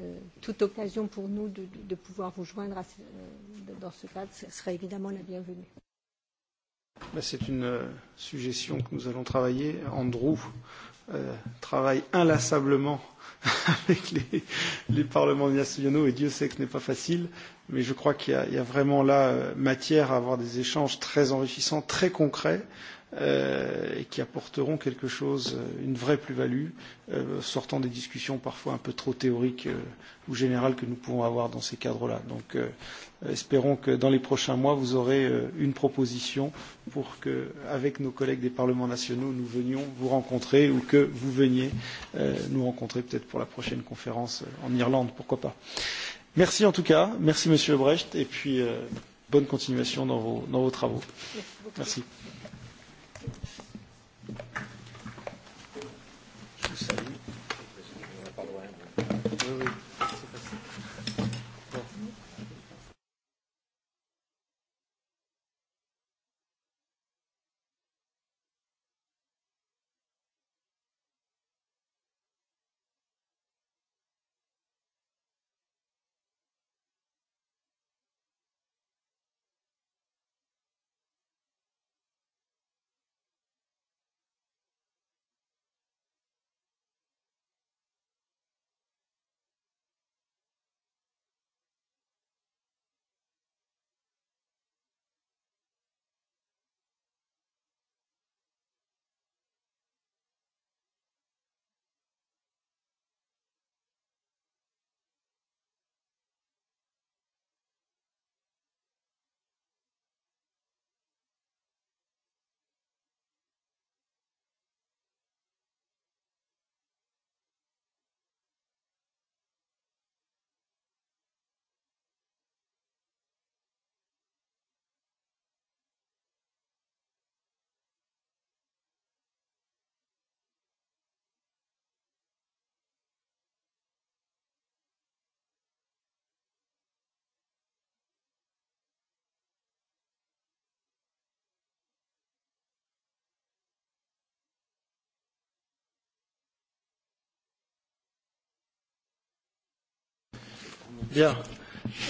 euh, toute occasion pour nous de, de, de pouvoir vous joindre à, euh, dans ce cadre ce serait évidemment la bienvenue. C'est une euh, suggestion que nous allons travailler. Andrew, Euh, travaillent inlassablement avec les, les parlements nationaux, et Dieu sait que ce n'est pas facile, mais je crois qu'il y, y a vraiment là euh, matière à avoir des échanges très enrichissants, très concrets, euh, et qui apporteront quelque chose, euh, une vraie plus-value, euh, sortant des discussions parfois un peu trop théoriques euh, ou générales que nous pouvons avoir dans ces cadres-là. Donc euh, espérons que dans les prochains mois, vous aurez euh, une proposition pour que, avec nos collègues des parlements nationaux, nous venions vous rencontrer ou que vous veniez euh, nous rencontrer peut-être pour la prochaine conférence euh, en Irlande, pourquoi pas. Merci en tout cas, merci Monsieur Brecht, et puis euh, bonne continuation dans vos, dans vos travaux. Merci.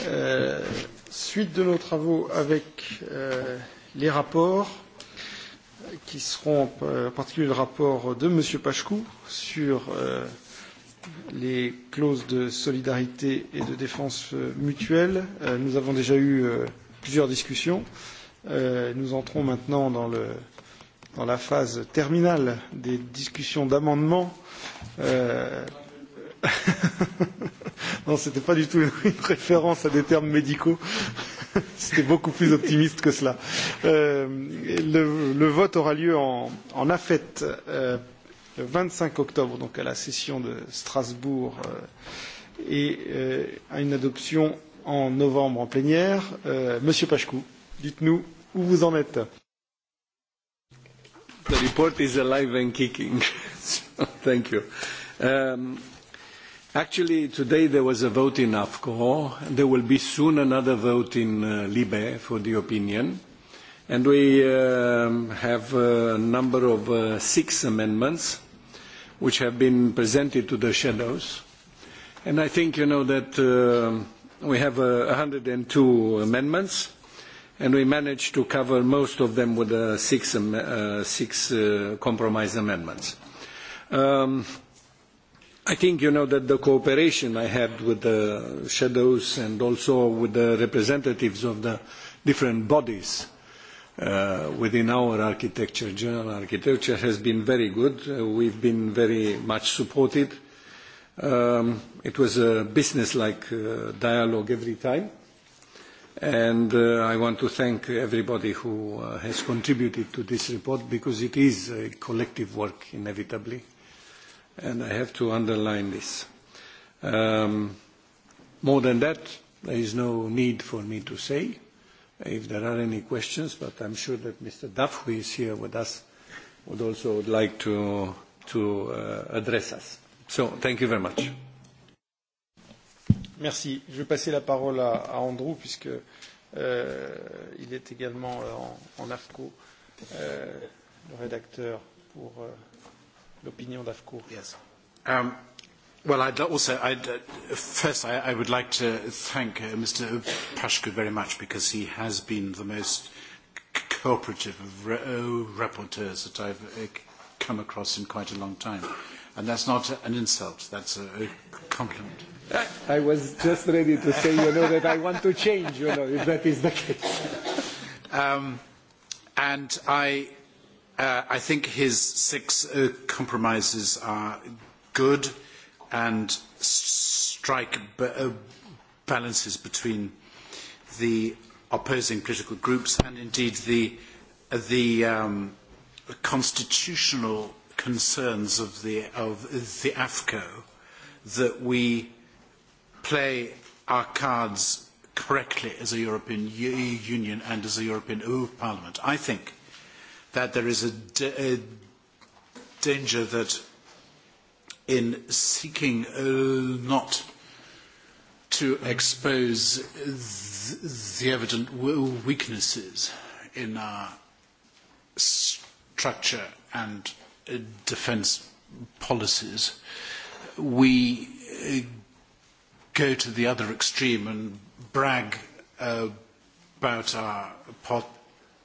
Euh, suite de nos travaux avec euh, les rapports, qui seront euh, en particulier le rapport de M. Pachkou sur euh, les clauses de solidarité et de défense euh, mutuelle. Euh, nous avons déjà eu euh, plusieurs discussions. Euh, nous entrons maintenant dans, le, dans la phase terminale des discussions d'amendements. Euh... Non, c'était pas du tout une référence à des termes médicaux. C'était beaucoup plus optimiste que cela. Euh, le, le vote aura lieu en, en AFET euh, le 25 octobre, donc à la session de Strasbourg, euh, et euh, à une adoption en novembre en plénière. Euh, Monsieur Pachkou, dites-nous où vous en êtes. The report is alive and kicking. thank you. Um, Actually, today there was a vote in AFCO. There will be soon another vote in uh, Libe for the opinion. And we um, have a number of uh, six amendments which have been presented to the shadows. And I think you know that uh, we have uh, 102 amendments and we managed to cover most of them with uh, six, um, uh, six uh, compromise amendments. Um, i think you know that the cooperation I had with the shadows and also with the representatives of the different bodies uh, within our architecture, general architecture, has been very good. Uh, we've been very much supported. Um, it was a business-like uh, dialogue every time. And uh, I want to thank everybody who uh, has contributed to this report because it is a collective work, inevitably and I have to underline this. Um, more than that, there is no need for me to say if there are any questions, but I'm sure that Mr. Duff, who is here with us, would also would like to, to uh, address us. So thank you very much. Merci. Je vais passer la parole à, à Andrew, puisque euh, il est également euh, en, en AFCO, euh, le rédacteur pour... Euh, l'opinion d'AFCO. Yes. Um, well, I'd also, I'd, uh, first, I, I would like to thank uh, Mr. Pashku very much because he has been the most cooperative of re- oh, rapporteurs that I've uh, come across in quite a long time. And that's not an insult, that's a, a compliment. I was just ready to say, you know, that I want to change, you know, if that is the case. Um, and I Uh, I think his six uh, compromises are good and strike uh, balances between the opposing political groups and indeed the, the um, constitutional concerns of the, of the AFCO that we play our cards correctly as a European Union and as a European Parliament. I think that there is a, a danger that in seeking uh, not to expose th the evident weaknesses in our structure and uh, defence policies, we uh, go to the other extreme and brag uh, about our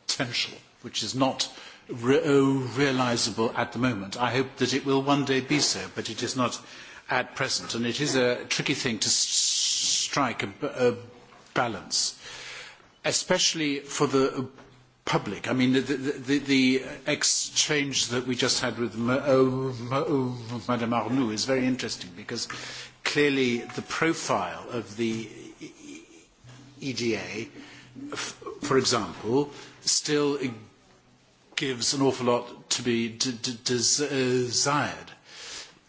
potential which is not re uh, realisable at the moment. I hope that it will one day be so, but it is not at present. And it is a tricky thing to strike a, a balance, especially for the uh, public. I mean, the, the, the exchange that we just had with oh, oh, Madame Arnoux is very interesting because clearly the profile of the EDA, e, e, e for example, still gives an awful lot to be d- d- uh, desired.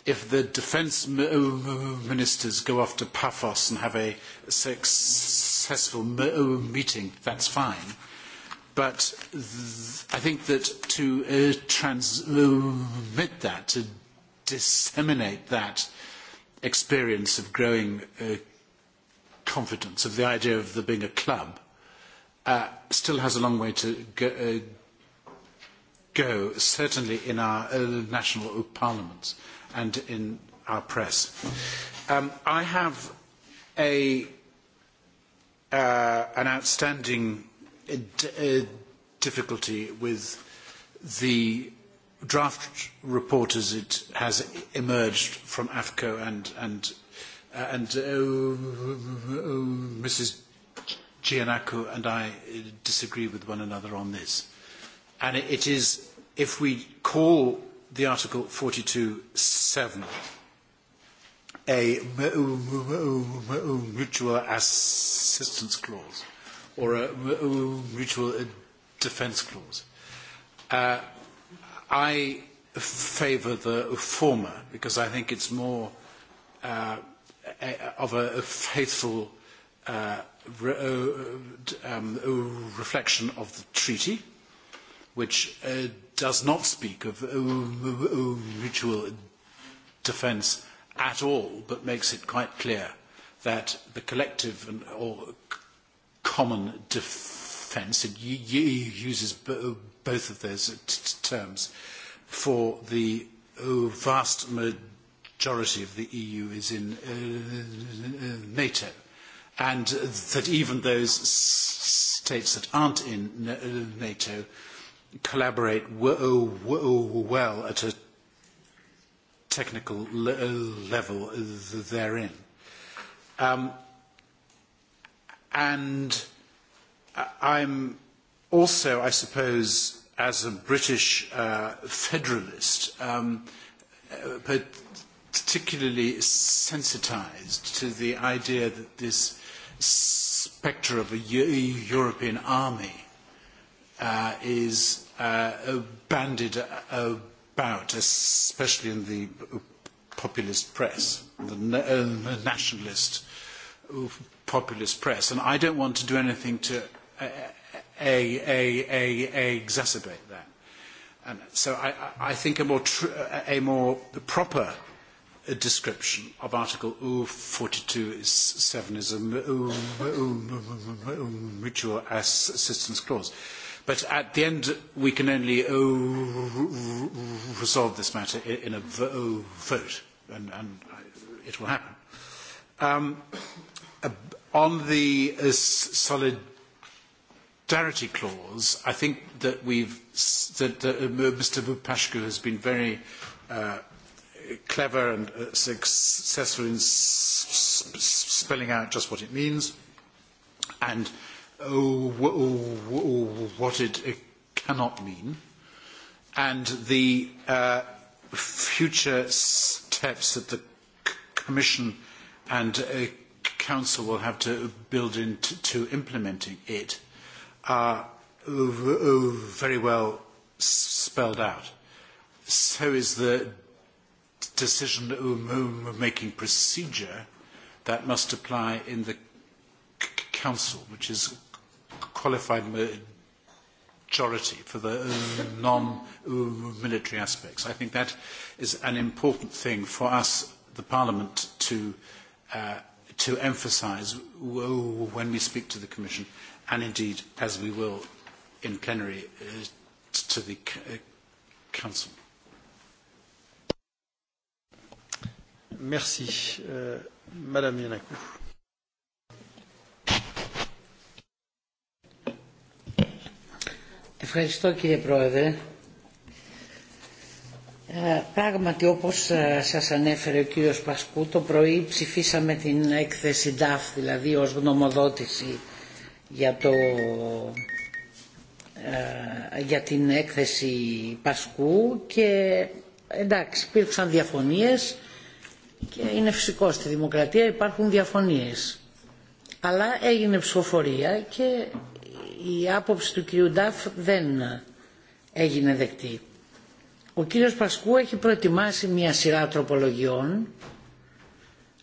If the defence uh, ministers go off to Paphos and have a successful uh, meeting, that's fine. But th- I think that to uh, transmit that, to disseminate that experience of growing uh, confidence, of the idea of there being a club, uh, still has a long way to go, uh, go, certainly in our own national parliaments and in our press. Um, I have a, uh, an outstanding uh, d- uh, difficulty with the draft report as it has emerged from AFCO and, and, uh, and uh, Mrs. Giannakou and I disagree with one another on this and it is if we call the article 42.7 a mutual assistance clause or a mutual defence clause. Uh, I favour the former because I think it's more uh, of a faithful uh, re uh, um, reflection of the treaty which uh, does not speak of mutual uh, defence at all, but makes it quite clear that the collective and, or common defence, it uses both of those terms, for the uh, vast majority of the EU is in uh, NATO. And that even those states that aren't in uh, NATO collaborate oh, oh, well at a technical uh, level therein. Um, and I'm also, I suppose, as a British uh, federalist, um, uh, particularly sensitized to the idea that this spectre of a European army uh, is uh, banded about, especially in the populist press, uh, the nationalist populist press. And I don't want to do anything to uh, exacerbate that. And so I, I think a more, a more proper a description of Article 42.7 is a um, um, um, mutual assistance clause. But at the end, we can only resolve this matter in a oh, vote, and, and it will happen. Um, on the uh, solidarity clause, I think that we've that uh, Mr. Bupashku has been very uh, clever and uh, successful in spelling out just what it means, and what it cannot mean, and the uh, future steps that the Commission and uh, Council will have to build into implementing it are very well spelled out. So is the decision-making uh, procedure that must apply in the Council, which is qualified majority for the uh, non-military aspects. I think that is an important thing for us, the Parliament, to, uh, to emphasise when we speak to the Commission and indeed as we will in plenary uh, to the uh, Council. Merci. Uh, Madame Yanakou. Ευχαριστώ κύριε Πρόεδρε. Πράγματι όπως σας ανέφερε ο κύριος Πασκού το πρωί ψηφίσαμε την έκθεση DAF δηλαδή ως γνωμοδότηση για, το, για την έκθεση Πασκού και εντάξει υπήρξαν διαφωνίες και είναι φυσικό στη δημοκρατία υπάρχουν διαφωνίες αλλά έγινε ψηφοφορία και η άποψη του κυρίου Νταφ δεν έγινε δεκτή. Ο κύριος Πασκού έχει προετοιμάσει μια σειρά τροπολογιών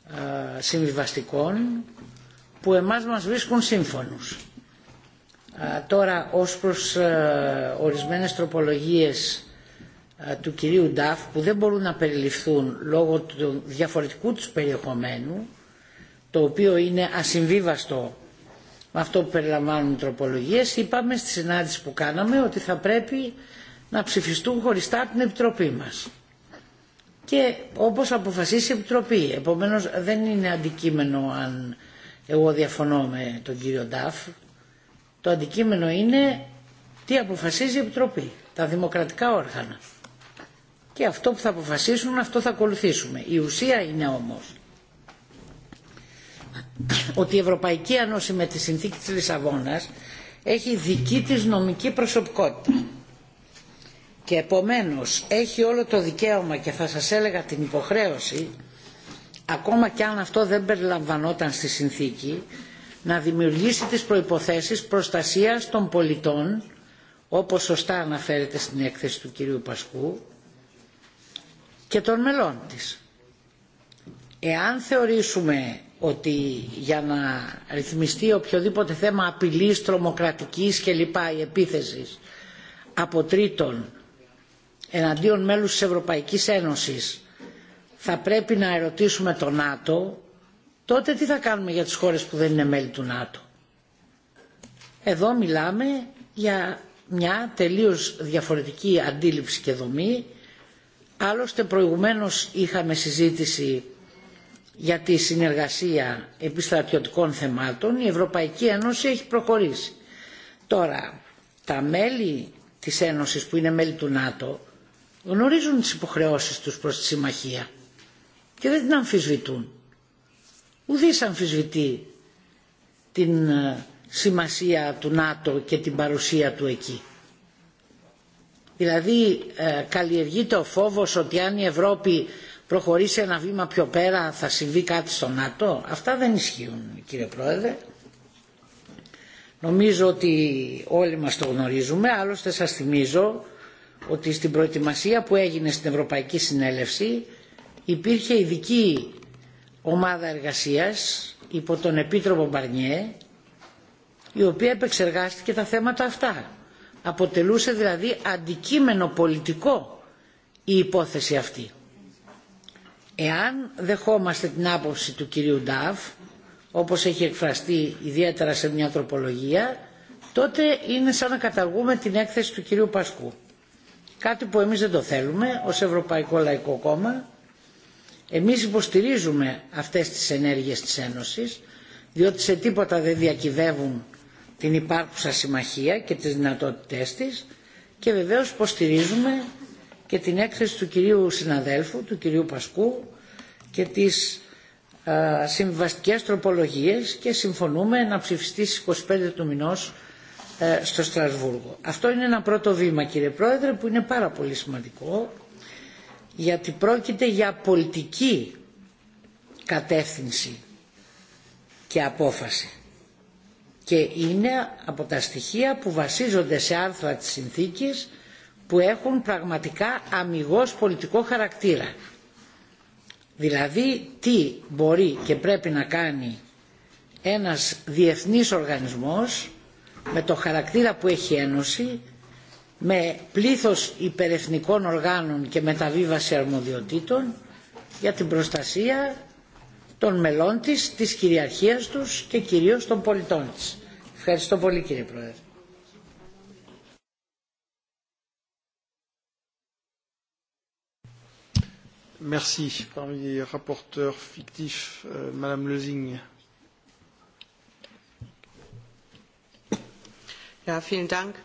α, συμβιβαστικών που εμάς μας βρίσκουν σύμφωνους. Α, Τώρα ως προς α, ορισμένες τροπολογίες α, του κυρίου Νταφ που δεν μπορούν να περιληφθούν λόγω του διαφορετικού τους περιεχομένου το οποίο είναι ασυμβίβαστο με αυτό που περιλαμβάνουν οι τροπολογίες, είπαμε στη συνάντηση που κάναμε ότι θα πρέπει να ψηφιστούν χωριστά από την Επιτροπή μας. Και όπως αποφασίσει η Επιτροπή. Επομένως δεν είναι αντικείμενο αν εγώ διαφωνώ με τον κύριο Νταφ. Το αντικείμενο είναι τι αποφασίζει η Επιτροπή, τα δημοκρατικά όργανα. Και αυτό που θα αποφασίσουν αυτό θα ακολουθήσουμε. Η ουσία είναι όμως ότι η Ευρωπαϊκή Ένωση με τη συνθήκη της Λισαβόνας έχει δική της νομική προσωπικότητα και επομένως έχει όλο το δικαίωμα και θα σας έλεγα την υποχρέωση ακόμα και αν αυτό δεν περιλαμβανόταν στη συνθήκη να δημιουργήσει τις προϋποθέσεις προστασίας των πολιτών όπως σωστά αναφέρεται στην έκθεση του κυρίου Πασκού και των μελών της. Εάν θεωρήσουμε ότι για να ρυθμιστεί οποιοδήποτε θέμα απειλής, τρομοκρατικής και λοιπά, η επίθεση από τρίτον εναντίον μέλους της Ευρωπαϊκής Ένωσης θα πρέπει να ερωτήσουμε το ΝΑΤΟ, τότε τι θα κάνουμε για τις χώρες που δεν είναι μέλη του ΝΑΤΟ. Εδώ μιλάμε για μια τελείως διαφορετική αντίληψη και δομή. Άλλωστε προηγουμένως είχαμε συζήτηση για τη συνεργασία επιστρατιωτικών θεμάτων η Ευρωπαϊκή Ένωση έχει προχωρήσει. Τώρα, τα μέλη της Ένωσης που είναι μέλη του ΝΑΤΟ γνωρίζουν τις υποχρεώσεις τους προς τη Συμμαχία και δεν την αμφισβητούν. Ουδής αμφισβητεί την σημασία του ΝΑΤΟ και την παρουσία του εκεί. Δηλαδή ε, καλλιεργείται ο φόβος ότι αν η Ευρώπη προχωρήσει ένα βήμα πιο πέρα θα συμβεί κάτι στο ΝΑΤΟ. Αυτά δεν ισχύουν κύριε Πρόεδρε. Νομίζω ότι όλοι μας το γνωρίζουμε, άλλωστε σας θυμίζω ότι στην προετοιμασία που έγινε στην Ευρωπαϊκή Συνέλευση υπήρχε ειδική ομάδα εργασίας υπό τον Επίτροπο Μπαρνιέ η οποία επεξεργάστηκε τα θέματα αυτά. Αποτελούσε δηλαδή αντικείμενο πολιτικό η υπόθεση αυτή. Εάν δεχόμαστε την άποψη του κυρίου Νταφ, όπως έχει εκφραστεί ιδιαίτερα σε μια τροπολογία, τότε είναι σαν να καταργούμε την έκθεση του κυρίου Πασκού. Κάτι που εμείς δεν το θέλουμε ως Ευρωπαϊκό Λαϊκό Κόμμα. Εμείς υποστηρίζουμε αυτές τις ενέργειες της Ένωσης, διότι σε τίποτα δεν διακυβεύουν την υπάρχουσα συμμαχία και τις δυνατότητές της και βεβαίως υποστηρίζουμε και την έκθεση του κυρίου συναδέλφου, του κυρίου Πασκού και τις α, συμβαστικές τροπολογίες και συμφωνούμε να ψηφιστεί στις 25 του μηνός ε, στο Στρασβούργο. Αυτό είναι ένα πρώτο βήμα κύριε Πρόεδρε που είναι πάρα πολύ σημαντικό γιατί πρόκειται για πολιτική κατεύθυνση και απόφαση και είναι από τα στοιχεία που βασίζονται σε άρθρα της συνθήκης που έχουν πραγματικά αμυγός πολιτικό χαρακτήρα. Δηλαδή τι μπορεί και πρέπει να κάνει ένας διεθνής οργανισμός με το χαρακτήρα που έχει ένωση, με πλήθος υπερεθνικών οργάνων και μεταβίβαση αρμοδιοτήτων για την προστασία των μελών της, της κυριαρχίας τους και κυρίως των πολιτών της. Ευχαριστώ πολύ κύριε Πρόεδρε. Merci. Parmi les rapporteurs fictifs, euh, Madame Lezing. Ja, vielen Dank.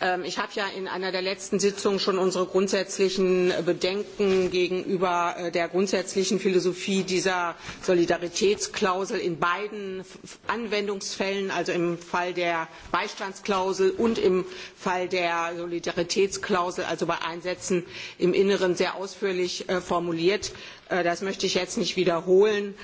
Ähm, ich habe ja in einer der letzten Sitzungen schon unsere grundsätzlichen Bedenken gegenüber äh, der grundsätzlichen Philosophie dieser Solidaritätsklausel in beiden Anwendungsfällen, also im Fall der Beistandsklausel und im Fall der Solidaritätsklausel, also bei Einsätzen im Inneren sehr ausführlich äh, formuliert. Äh, das möchte ich jetzt nicht wiederholen.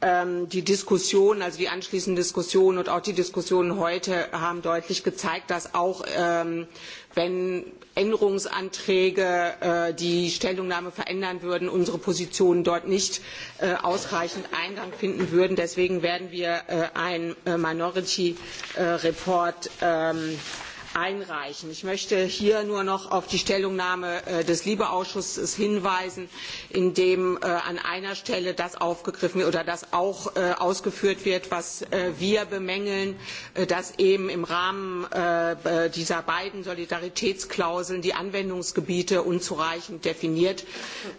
Ähm, die Diskussion, also die anschließende Diskussion und auch die Diskussionen heute haben deutlich gezeigt, dass auch ähm, wenn Änderungsanträge äh, die Stellungnahme verändern würden, unsere Positionen dort nicht äh, ausreichend Eingang finden würden. Deswegen werden wir äh, einen Minority Report ähm, einreichen. Ich möchte hier nur noch auf die Stellungnahme äh, des LIBE-Ausschusses hinweisen, in dem äh, an einer Stelle das aufgegriffen oder das auch äh, ausgeführt wird, was wir bemängeln, dass eben im Rahmen dieser beiden Solidaritätsklauseln die Anwendungsgebiete unzureichend definiert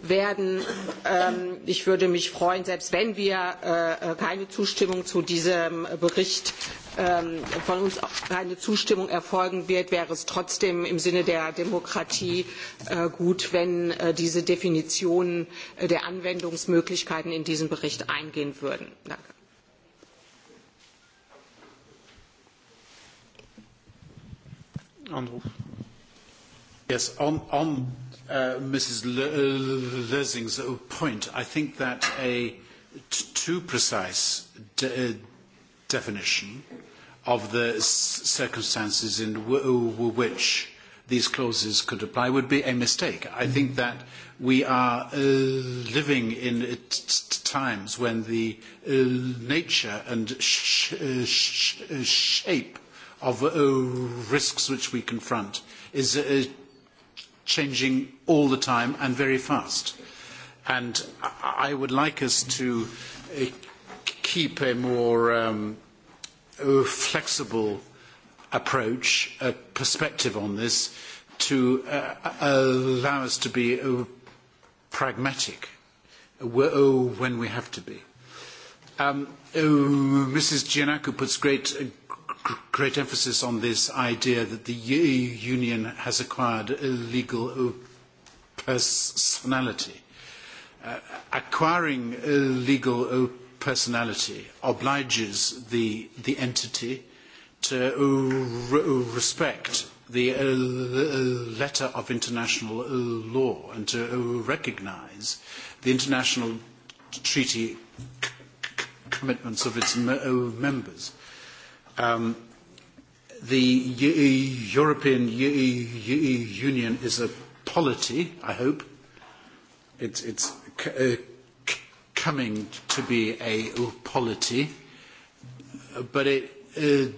werden. Ähm, ich würde mich freuen, selbst wenn wir keine Zustimmung zu diesem Bericht Ähm, von uns keine Zustimmung erfolgen wird, wäre es trotzdem im Sinne der Demokratie äh, gut, wenn äh, diese Definitionen äh, der Anwendungsmöglichkeiten in diesen Bericht eingehen würden. Danke. Andrew. Yes, on, on uh, Mrs. Le uh, point, I think that a too precise uh, definition of the circumstances in which these clauses could apply would be a mistake. I mm-hmm. think that we are uh, living in times when the uh, nature and sh uh, sh uh, shape of uh, risks which we confront is uh, changing all the time and very fast. And I would like us to keep a more um, flexible approach, a perspective on this, to uh, uh allow us to be uh, pragmatic uh, uh when we have to be. Um, uh, Mrs. Giannakou puts great, great emphasis on this idea that the union has acquired a legal personality. acquiring a legal personality obliges the, the entity to re respect the uh, uh letter of international uh, law and to uh, recognize the international treaty commitments of its members. Um, the European Union is a polity, I hope. It's, it's coming to be a polity, but it uh,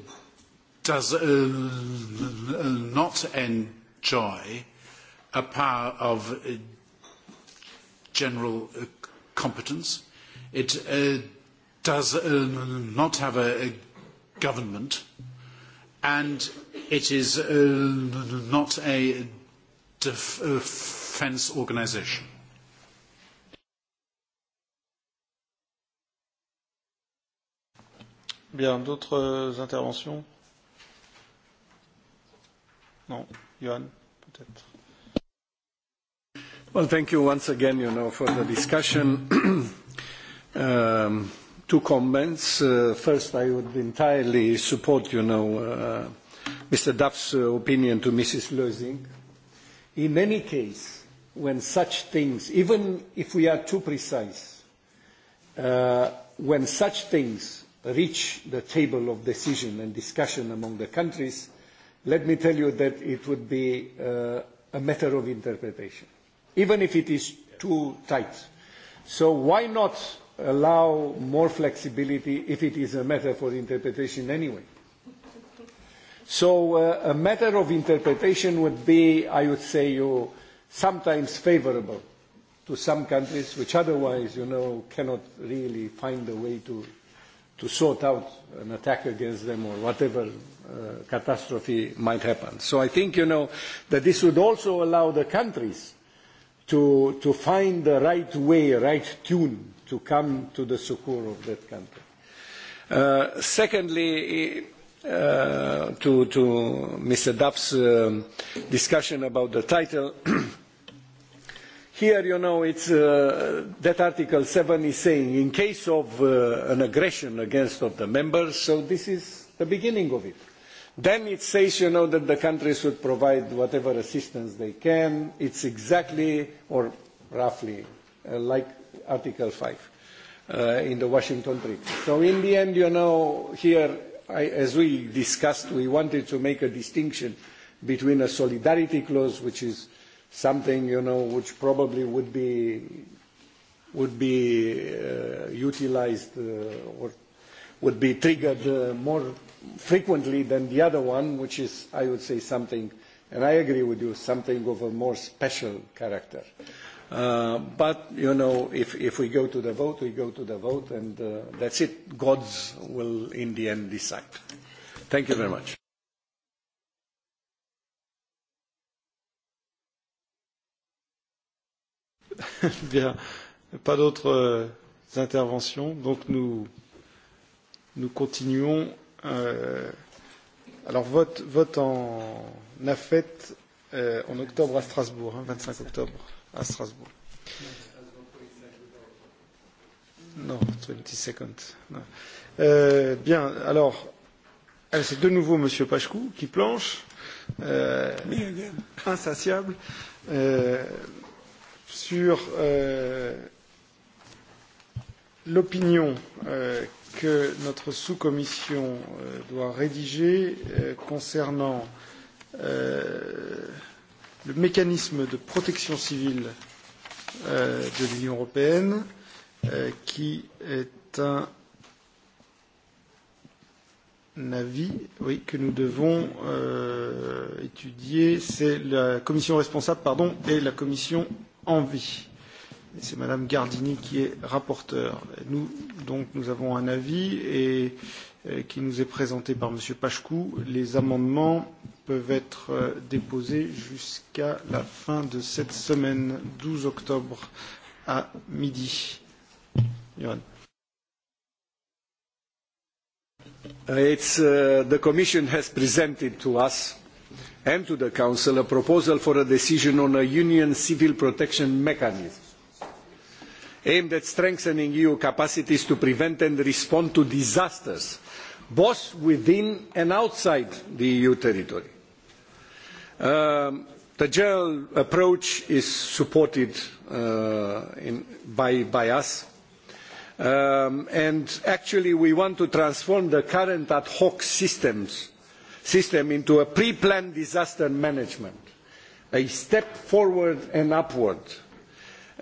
does uh, not enjoy a power of uh, general uh, competence. It uh, does not have a, a government, and it is not a defence organisation. Bien, d'autres euh, interventions Non, Johan, peut-être. Well, thank you once again, you know, for the discussion. um, two comments. Uh, first, I would entirely support, you know, uh, Mr. Duff's uh, opinion to Mrs. Lösing. In any case, when such things, even if we are too precise, uh, when such things reach the table of decision and discussion among the countries, let me tell you that it would be uh, a matter of interpretation, even if it is too tight. So why not allow more flexibility if it is a matter for interpretation anyway? So uh, a matter of interpretation would be, I would say, you sometimes favorable to some countries which otherwise, you know, cannot really find a way to to sort out an attack against them or whatever uh, catastrophe might happen. So I think, you know, that this would also allow the countries to, to find the right way, right tune to come to the succour of that country. Uh, secondly, uh, to, to Mr. Duff's uh, discussion about the title, here you know it's uh, that article 7 is saying in case of uh, an aggression against of the members so this is the beginning of it then it says you know that the countries should provide whatever assistance they can it's exactly or roughly uh, like article 5 uh, in the washington treaty so in the end you know here I, as we discussed we wanted to make a distinction between a solidarity clause which is uh, something you know which probably would be would be uh, utilized uh, or would be triggered uh, more frequently than the other one, which is, I would say, something, and I agree with you, something of a more special character. Uh, but, you know, if, if we go to the vote, we go to the vote, and uh, that's it. Gods will, in the end, decide. Thank you very much. Eh bien. Pas d'autres euh, interventions. Donc nous, nous continuons. Euh, alors vote, vote en AFET euh, en octobre à Strasbourg, hein, 25 octobre à Strasbourg. Non, 20 seconds. Non. Euh, bien, alors, c'est de nouveau Monsieur Pachkou qui planche, euh, euh insatiable. Euh, sur euh, l'opinion euh, que notre sous-commission euh, doit rédiger euh, concernant euh, le mécanisme de protection civile euh, de l'Union européenne, euh, qui est un un avis oui, que nous devons euh, étudier. C'est la commission responsable pardon, et la commission Envie. C'est Madame Gardini qui est rapporteure. Nous, donc, nous avons un avis et, et euh, qui nous est présenté par Monsieur Pachkou. Les amendements peuvent être euh, déposés jusqu'à la fin de cette semaine, 12 octobre à midi. Johan. It's, uh, the Commission has presented to us and to the Council a proposal for a decision on a Union civil protection mechanism aimed at strengthening EU capacities to prevent and respond to disasters, both within and outside the EU territory. Um, the general approach is supported uh, in, by, by us um, and actually we want to transform the current ad hoc systems system into a pre-planned disaster management, a step forward and upward,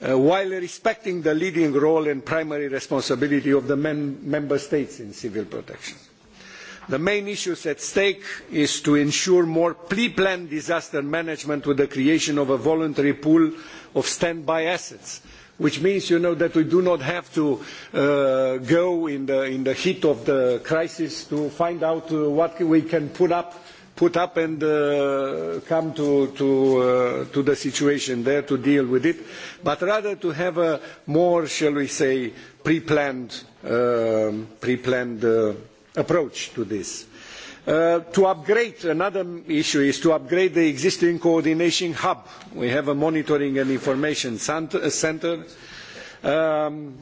uh, while respecting the leading role and primary responsibility of the member states in civil protection. The main issues at stake is to ensure more pre-planned disaster management with the creation of a voluntary pool of standby assets which means, you know, that we do not have to uh, go in the, in the heat of the crisis to find out uh, what we can put up, put up and uh, come to, to, uh, to the situation there to deal with it, but rather to have a more, shall we say, pre-planned, um, pre-planned uh, approach to this. Uh, to upgrade, another issue is to upgrade the existing coordination hub. We have a monitoring and information centre. Uh, um,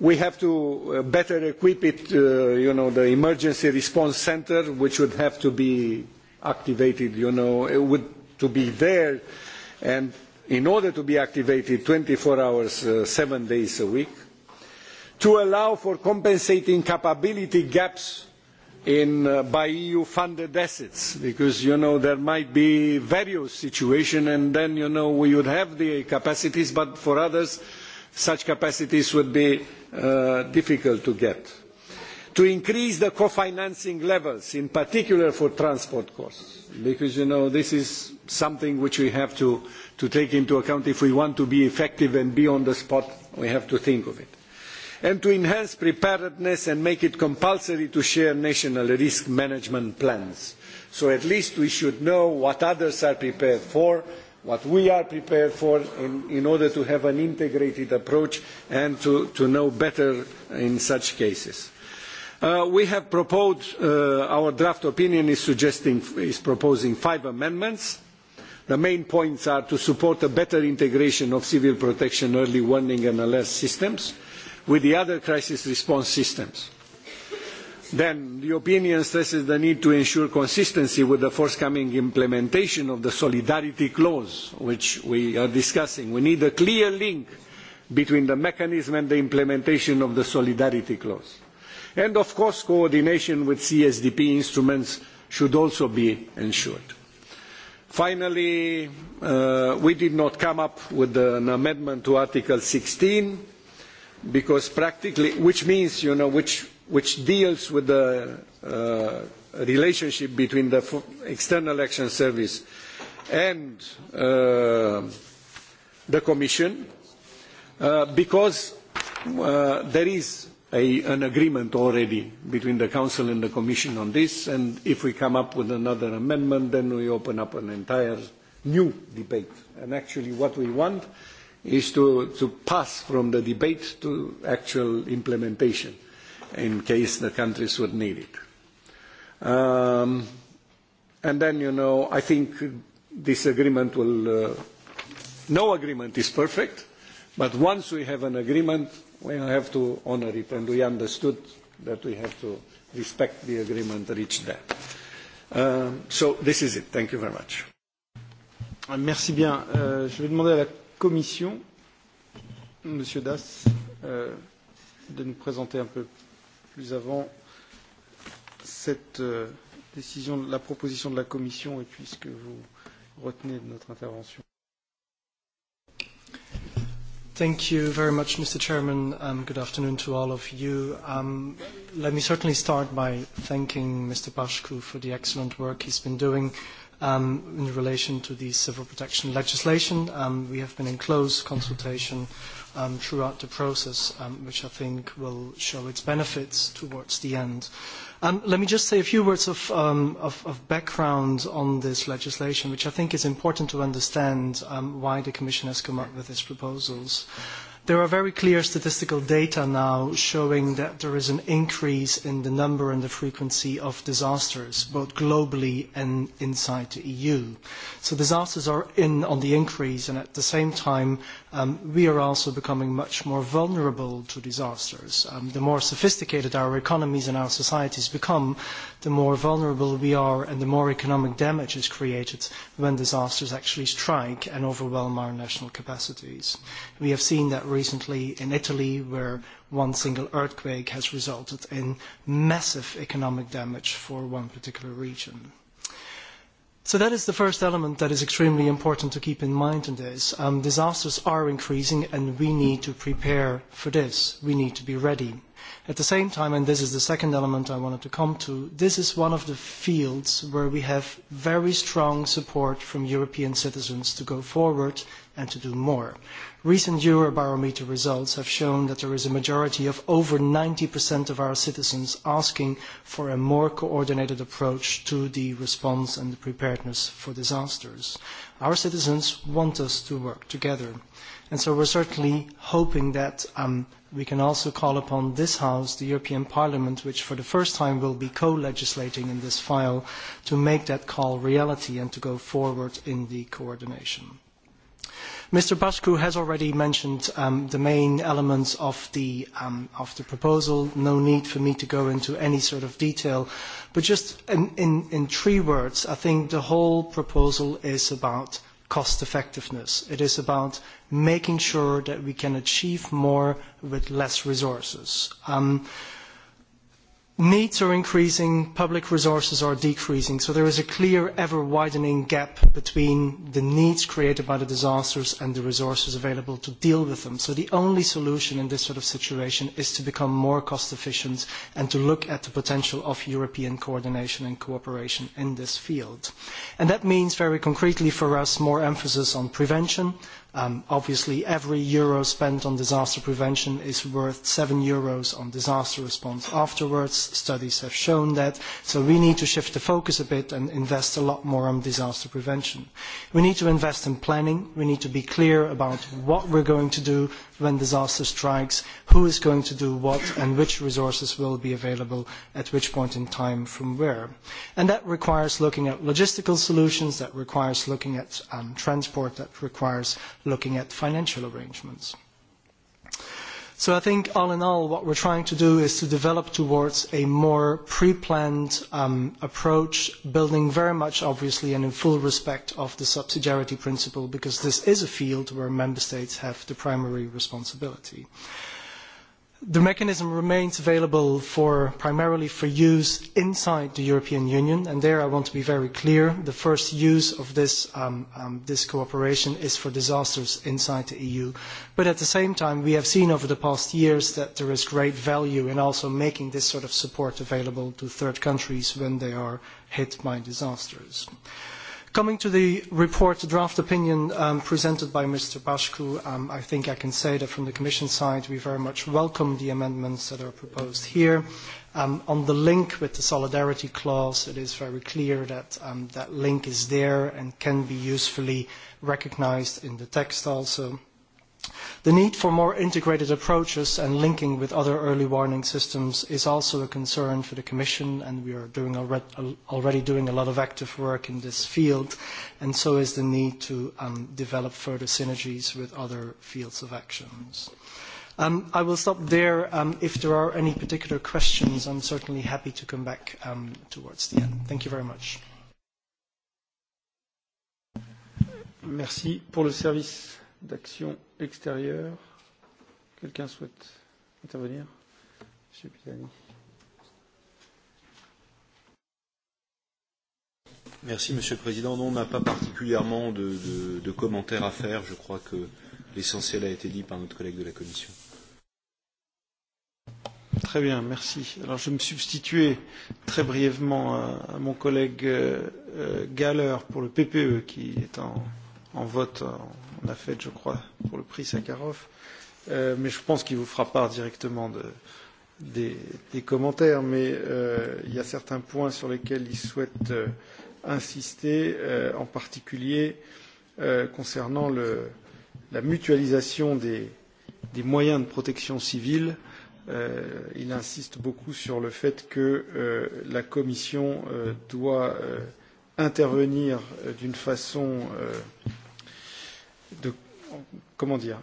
we have to uh, better equip it, uh, you know, the emergency response centre, which would have to be activated, you know, it would to be there and in order to be activated 24 hours, uh, seven days a week. To allow for compensating capability gaps in, uh, by EU funded assets because you know there might be various situations and then you know we would have the capacities but for others such capacities would be uh, difficult to get. To increase the co-financing levels in particular for transport costs because you know this is something which we have to, to take into account if we want to be effective and be on the spot we have to think of it and to enhance preparedness and make it compulsory to share national risk management plans. So at least we should know what others are prepared for, what we are prepared for in, in order to have an integrated approach and to, to know better in such cases. Uh, we have proposed, uh, our draft opinion is, suggesting, is proposing five amendments. The main points are to support a better integration of civil protection early warning and alert systems, with the other crisis response systems. Then, the opinion stresses the need to ensure consistency with the forthcoming implementation of the solidarity clause, which we are discussing. We need a clear link between the mechanism and the implementation of the solidarity clause. And, of course, coordination with CSDP instruments should also be ensured. Finally, uh, we did not come up with an amendment to Article 16 because practically, which means, you know, which, which deals with the uh, relationship between the External Action Service and uh, the Commission, uh, because uh, there is a, an agreement already between the Council and the Commission on this, and if we come up with another amendment, then we open up an entire new debate. And actually what we want is to, to pass from the debate to actual implementation in case the countries would need it. Um, and then, you know, I think this agreement will, uh, no agreement is perfect, but once we have an agreement, we have to honor it, and we understood that we have to respect the agreement reached there. Um, so this is it. Thank you very much. Merci bien. Euh, je vais demander à la Commission, Monsieur Das, euh, de nous présenter un peu plus avant cette euh, décision, la proposition de la Commission et puis ce que vous retenez de notre intervention. Thank you very much, Mr. Chairman. Um, good afternoon to all of you. Um, let me certainly start by thanking Mr. Pashku for the excellent work he's been doing um, in relation to the civil protection legislation. Um, we have been in close consultation um, throughout the process, um, which I think will show its benefits towards the end. Um, let me just say a few words of, um, of, of, background on this legislation, which I think is important to understand um, why the Commission has come up with its proposals. There are very clear statistical data now showing that there is an increase in the number and the frequency of disasters, both globally and inside the EU. So disasters are in on the increase, and at the same time, um, we are also becoming much more vulnerable to disasters. Um, the more sophisticated our economies and our societies become, the more vulnerable we are and the more economic damage is created when disasters actually strike and overwhelm our national capacities. We have seen that recently in Italy, where one single earthquake has resulted in massive economic damage for one particular region. So that is the first element that is extremely important to keep in mind in this. Um, disasters are increasing and we need to prepare for this. We need to be ready. At the same time, and this is the second element I wanted to come to, this is one of the fields where we have very strong support from European citizens to go forward and to do more. Recent Eurobarometer results have shown that there is a majority of over 90% of our citizens asking for a more coordinated approach to the response and the preparedness for disasters. Our citizens want us to work together. And so we're certainly hoping that um, we can also call upon this House, the European Parliament, which for the first time will be co-legislating in this file, to make that call reality and to go forward in the coordination. Mr. Pascu has already mentioned um, the main elements of the, um, of the proposal. No need for me to go into any sort of detail. But just in, in, in three words, I think the whole proposal is about cost effectiveness. It is about making sure that we can achieve more with less resources. Um, needs are increasing, public resources are decreasing. So there is a clear, ever widening gap between the needs created by the disasters and the resources available to deal with them. So the only solution in this sort of situation is to become more cost efficient and to look at the potential of European coordination and cooperation in this field. And that means very concretely for us more emphasis on prevention, Um, obviously, every euro spent on disaster prevention is worth seven euros on disaster response afterwards. Studies have shown that. So we need to shift the focus a bit and invest a lot more on disaster prevention. We need to invest in planning. We need to be clear about what we're going to do, when disaster strikes, who is going to do what and which resources will be available at which point in time from where. And that requires looking at logistical solutions, that requires looking at um, transport, that requires looking at financial arrangements. So I think all in all, what we're trying to do is to develop towards a more pre-planned um, approach, building very much obviously and in full respect of the subsidiarity principle, because this is a field where member states have the primary responsibility. Uh, The mechanism remains available for, primarily for use inside the European Union, and there I want to be very clear. The first use of this, um, um, this cooperation is for disasters inside the EU. But at the same time, we have seen over the past years that there is great value in also making this sort of support available to third countries when they are hit by disasters. Coming to the report, the draft opinion um, presented by Mr. Bashku, um, I think I can say that from the Commission side, we very much welcome the amendments that are proposed here. Um, on the link with the solidarity clause, it is very clear that um, that link is there and can be usefully recognised in the text also. The need for more integrated approaches and linking with other early warning systems is also a concern for the Commission, and we are doing already doing a lot of active work in this field, and so is the need to um, develop further synergies with other fields of actions. Um, I will stop there. Um, if there are any particular questions, I'm certainly happy to come back um, towards the end. Thank you very much. Merci pour le service d'action extérieure. Quelqu'un souhaite intervenir Monsieur Pitani. Merci Monsieur le Président. Non, on n'a pas particulièrement de, de, de commentaires à faire. Je crois que l'essentiel a été dit par notre collègue de la Commission. Très bien, merci. Alors je vais me substituer très brièvement à, à mon collègue euh, Galler pour le PPE qui est en, en vote en la fête, je crois, pour le prix Sakharov. Euh, mais je pense qu'il vous fera part directement de, des, des commentaires. Mais euh, il y a certains points sur lesquels il souhaite euh, insister, euh, en particulier euh, concernant le, la mutualisation des, des moyens de protection civile. Euh, il insiste beaucoup sur le fait que euh, la Commission euh, doit euh, intervenir euh, d'une façon euh, de comment dire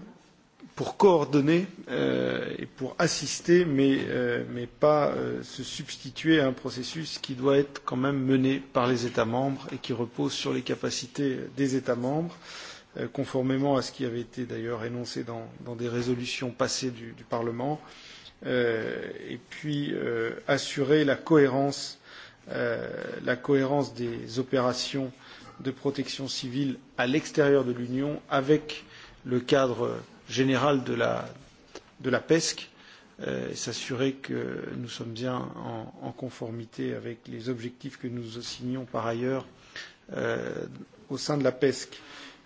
pour coordonner euh, et pour assister, mais, euh, mais pas euh, se substituer à un processus qui doit être quand même mené par les États membres et qui repose sur les capacités des États membres, euh, conformément à ce qui avait été d'ailleurs énoncé dans, dans des résolutions passées du, du Parlement, euh, et puis euh, assurer la cohérence, euh, la cohérence des opérations de protection civile à l'extérieur de l'Union avec le cadre général de la, de la PESC euh, et s'assurer que nous sommes bien en, en conformité avec les objectifs que nous assignons par ailleurs euh, au sein de la PESC.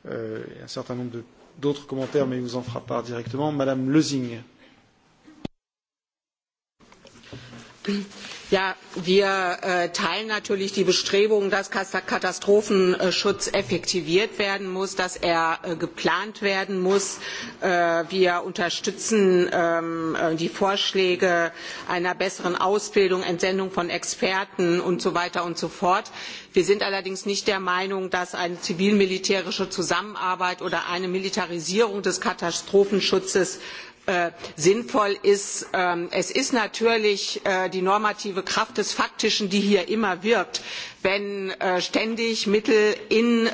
Euh, un certain nombre d'autres commentaires, mais il vous en fera part directement. Madame Lezing. wir äh, teilen natürlich die Bestrebung, dass Katastrophenschutz effektiviert werden muss, dass er äh, geplant werden muss. Äh, wir unterstützen ähm, die Vorschläge einer besseren Ausbildung, Entsendung von Experten und so weiter und so fort. Wir sind allerdings nicht der Meinung, dass eine zivil-militärische Zusammenarbeit oder eine Militarisierung des Katastrophenschutzes Äh, sinnvoll ist. Ähm, es ist natürlich äh, die normative kraft des faktischen die hier immer wirkt wenn äh, ständig mittel in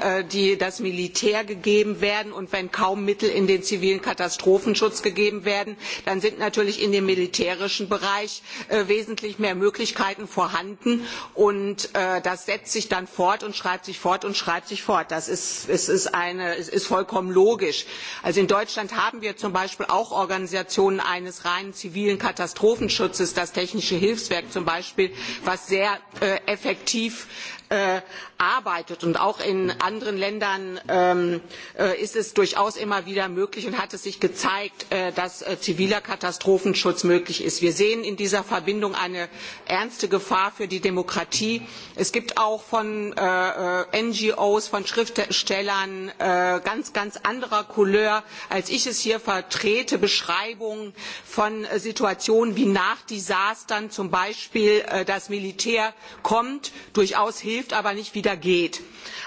das militär gegeben werden und wenn kaum mittel in den zivilen katastrophenschutz gegeben werden dann sind natürlich in dem militärischen bereich wesentlich mehr möglichkeiten vorhanden und das setzt sich dann fort und schreibt sich fort und schreibt sich fort. das ist, ist, eine, ist vollkommen logisch. Also in deutschland haben wir zum beispiel auch organisationen eines rein zivilen katastrophenschutzes das technische hilfswerk zum beispiel das sehr äh, effektiv Äh, arbeitet. Und auch in anderen Ländern ähm, äh, ist es durchaus immer wieder möglich und hat es sich gezeigt, äh, dass ziviler Katastrophenschutz möglich ist. Wir sehen in dieser Verbindung eine ernste Gefahr für die Demokratie. Es gibt auch von NGOs, von Schriftstellern ganz, ganz anderer Couleur, als ich es hier vertrete, Beschreibungen von Situationen wie nach Desastern, zum Beispiel das Militär kommt, durchaus hilft aber nicht wieder geht.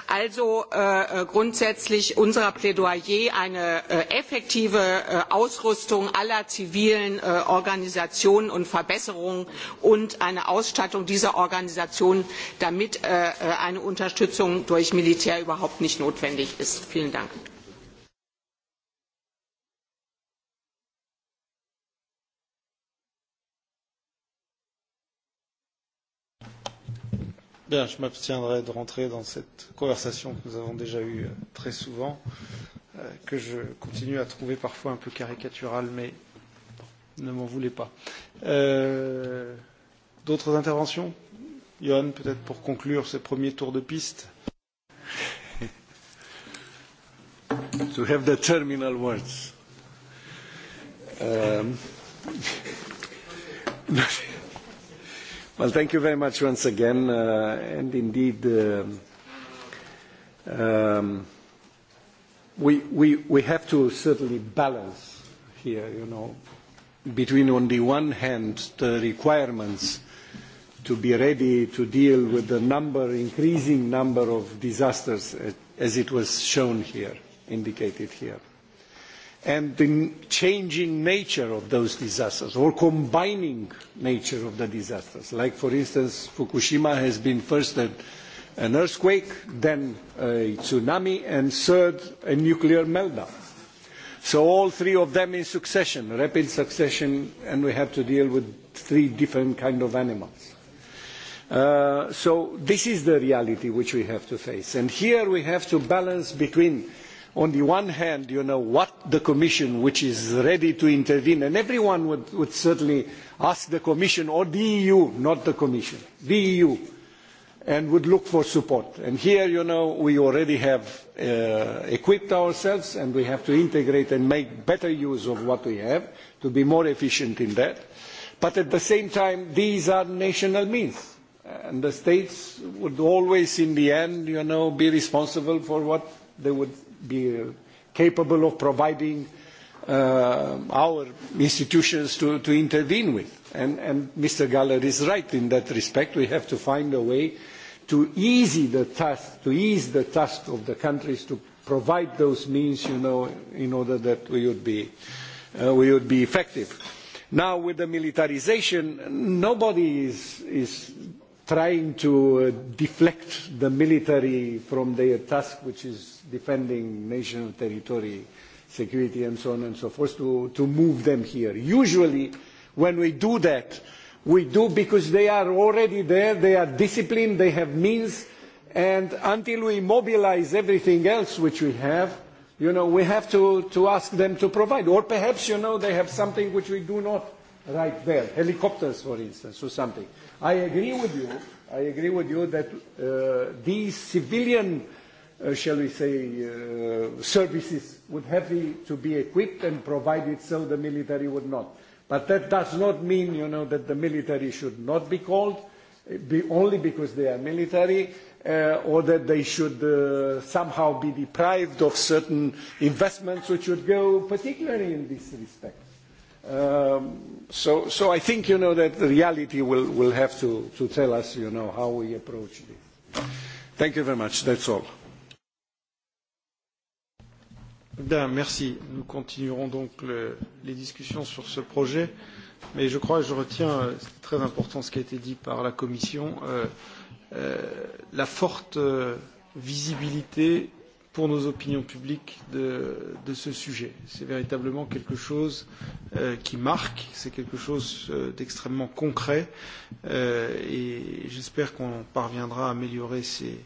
also äh, äh grundsätzlich unser plädoyer eine äh, effektive äh, ausrüstung aller zivilen äh, organisationen und verbesserung und eine ausstattung dieser organisationen damit äh, eine unterstützung durch militär überhaupt nicht notwendig ist. vielen dank. Bien, je m'abstiendrai de rentrer dans cette conversation que nous avons déjà eue euh, très souvent, euh, que je continue à trouver parfois un peu caricaturale, mais ne m'en voulez pas. Euh, D'autres interventions Johan, peut-être pour conclure ce premier tour de piste. to have the terminal words. Um, no, Well, thank you very much once again. Uh, and indeed, uh, um, we, we, we have to certainly balance here, you know, between, on the one hand, the requirements to be ready to deal with the number, increasing number of disasters as it was shown here, indicated here and the changing nature of those disasters or combining nature of the disasters. Like for instance, Fukushima has been first a, an earthquake, then a tsunami, and third, a nuclear meltdown. So all three of them in succession, rapid succession, and we have to deal with three different kind of animals. Uh, so this is the reality which we have to face. And here we have to balance between uh, on the one hand, you know, what the Commission, which is ready to intervene, and everyone would, would certainly ask the Commission or the EU, not the Commission, the EU, and would look for support. And here, you know, we already have uh, equipped ourselves and we have to integrate and make better use of what we have to be more efficient in that. But at the same time, these are national means. And the states would always, in the end, you know, be responsible for what they would be uh, capable of providing uh, our institutions to, to intervene with. And, and Mr. Galler is right in that respect. We have to find a way to ease the task, to ease the task of the countries to provide those means, you know, in order that we would be, uh, we would be effective. Now, with the militarization, nobody is, is trying to uh, deflect the military from their task, which is defending national territory, security, and so on and so forth, to, to move them here. Usually, when we do that, we do because they are already there, they are disciplined, they have means, and until we mobilize everything else which we have, you know, we have to, to ask them to provide. Or perhaps, you know, they have something which we do not right there, helicopters, for instance, or something. I agree with you. I agree with you that uh, these civilian, uh, shall we say, uh, services would have to be equipped and provided so the military would not. But that does not mean, you know, that the military should not be called be only because they are military uh, or that they should uh, somehow be deprived of certain investments which would go particularly in this respect. Um, so, so I think you know that the reality will, will have to, to tell us, you know, how we approach this. Thank you very much. That's all. Bien, merci. Nous continuerons donc le, les discussions sur ce projet, mais je crois, je retiens, euh, c'est très important ce qui a été dit par la Commission, euh, euh, la forte euh, visibilité pour nos opinions publiques de, de ce sujet. C'est véritablement quelque chose euh, qui marque, c'est quelque chose euh, d'extrêmement concret euh, et j'espère qu'on parviendra à améliorer ces,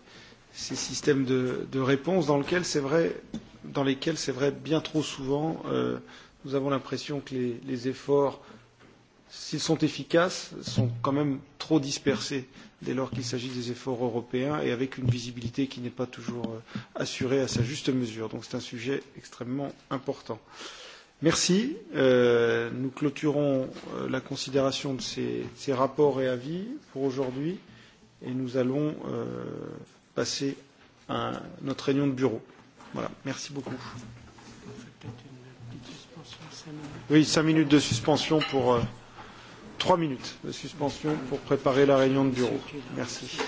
ces systèmes de, de réponse dans, lequel c'est vrai, dans lesquels c'est vrai bien trop souvent euh, nous avons l'impression que les, les efforts s'ils sont efficaces, sont quand même trop dispersés dès lors qu'il s'agit des efforts européens et avec une visibilité qui n'est pas toujours euh, assurée à sa juste mesure. Donc c'est un sujet extrêmement important. Merci. Euh, nous clôturons euh, la considération de ces, ces rapports et avis pour aujourd'hui et nous allons euh, passer à notre réunion de bureau. Voilà. Merci beaucoup. Oui, cinq minutes de suspension pour. Euh, trois minutes de suspension pour préparer la réunion de bureau. Merci.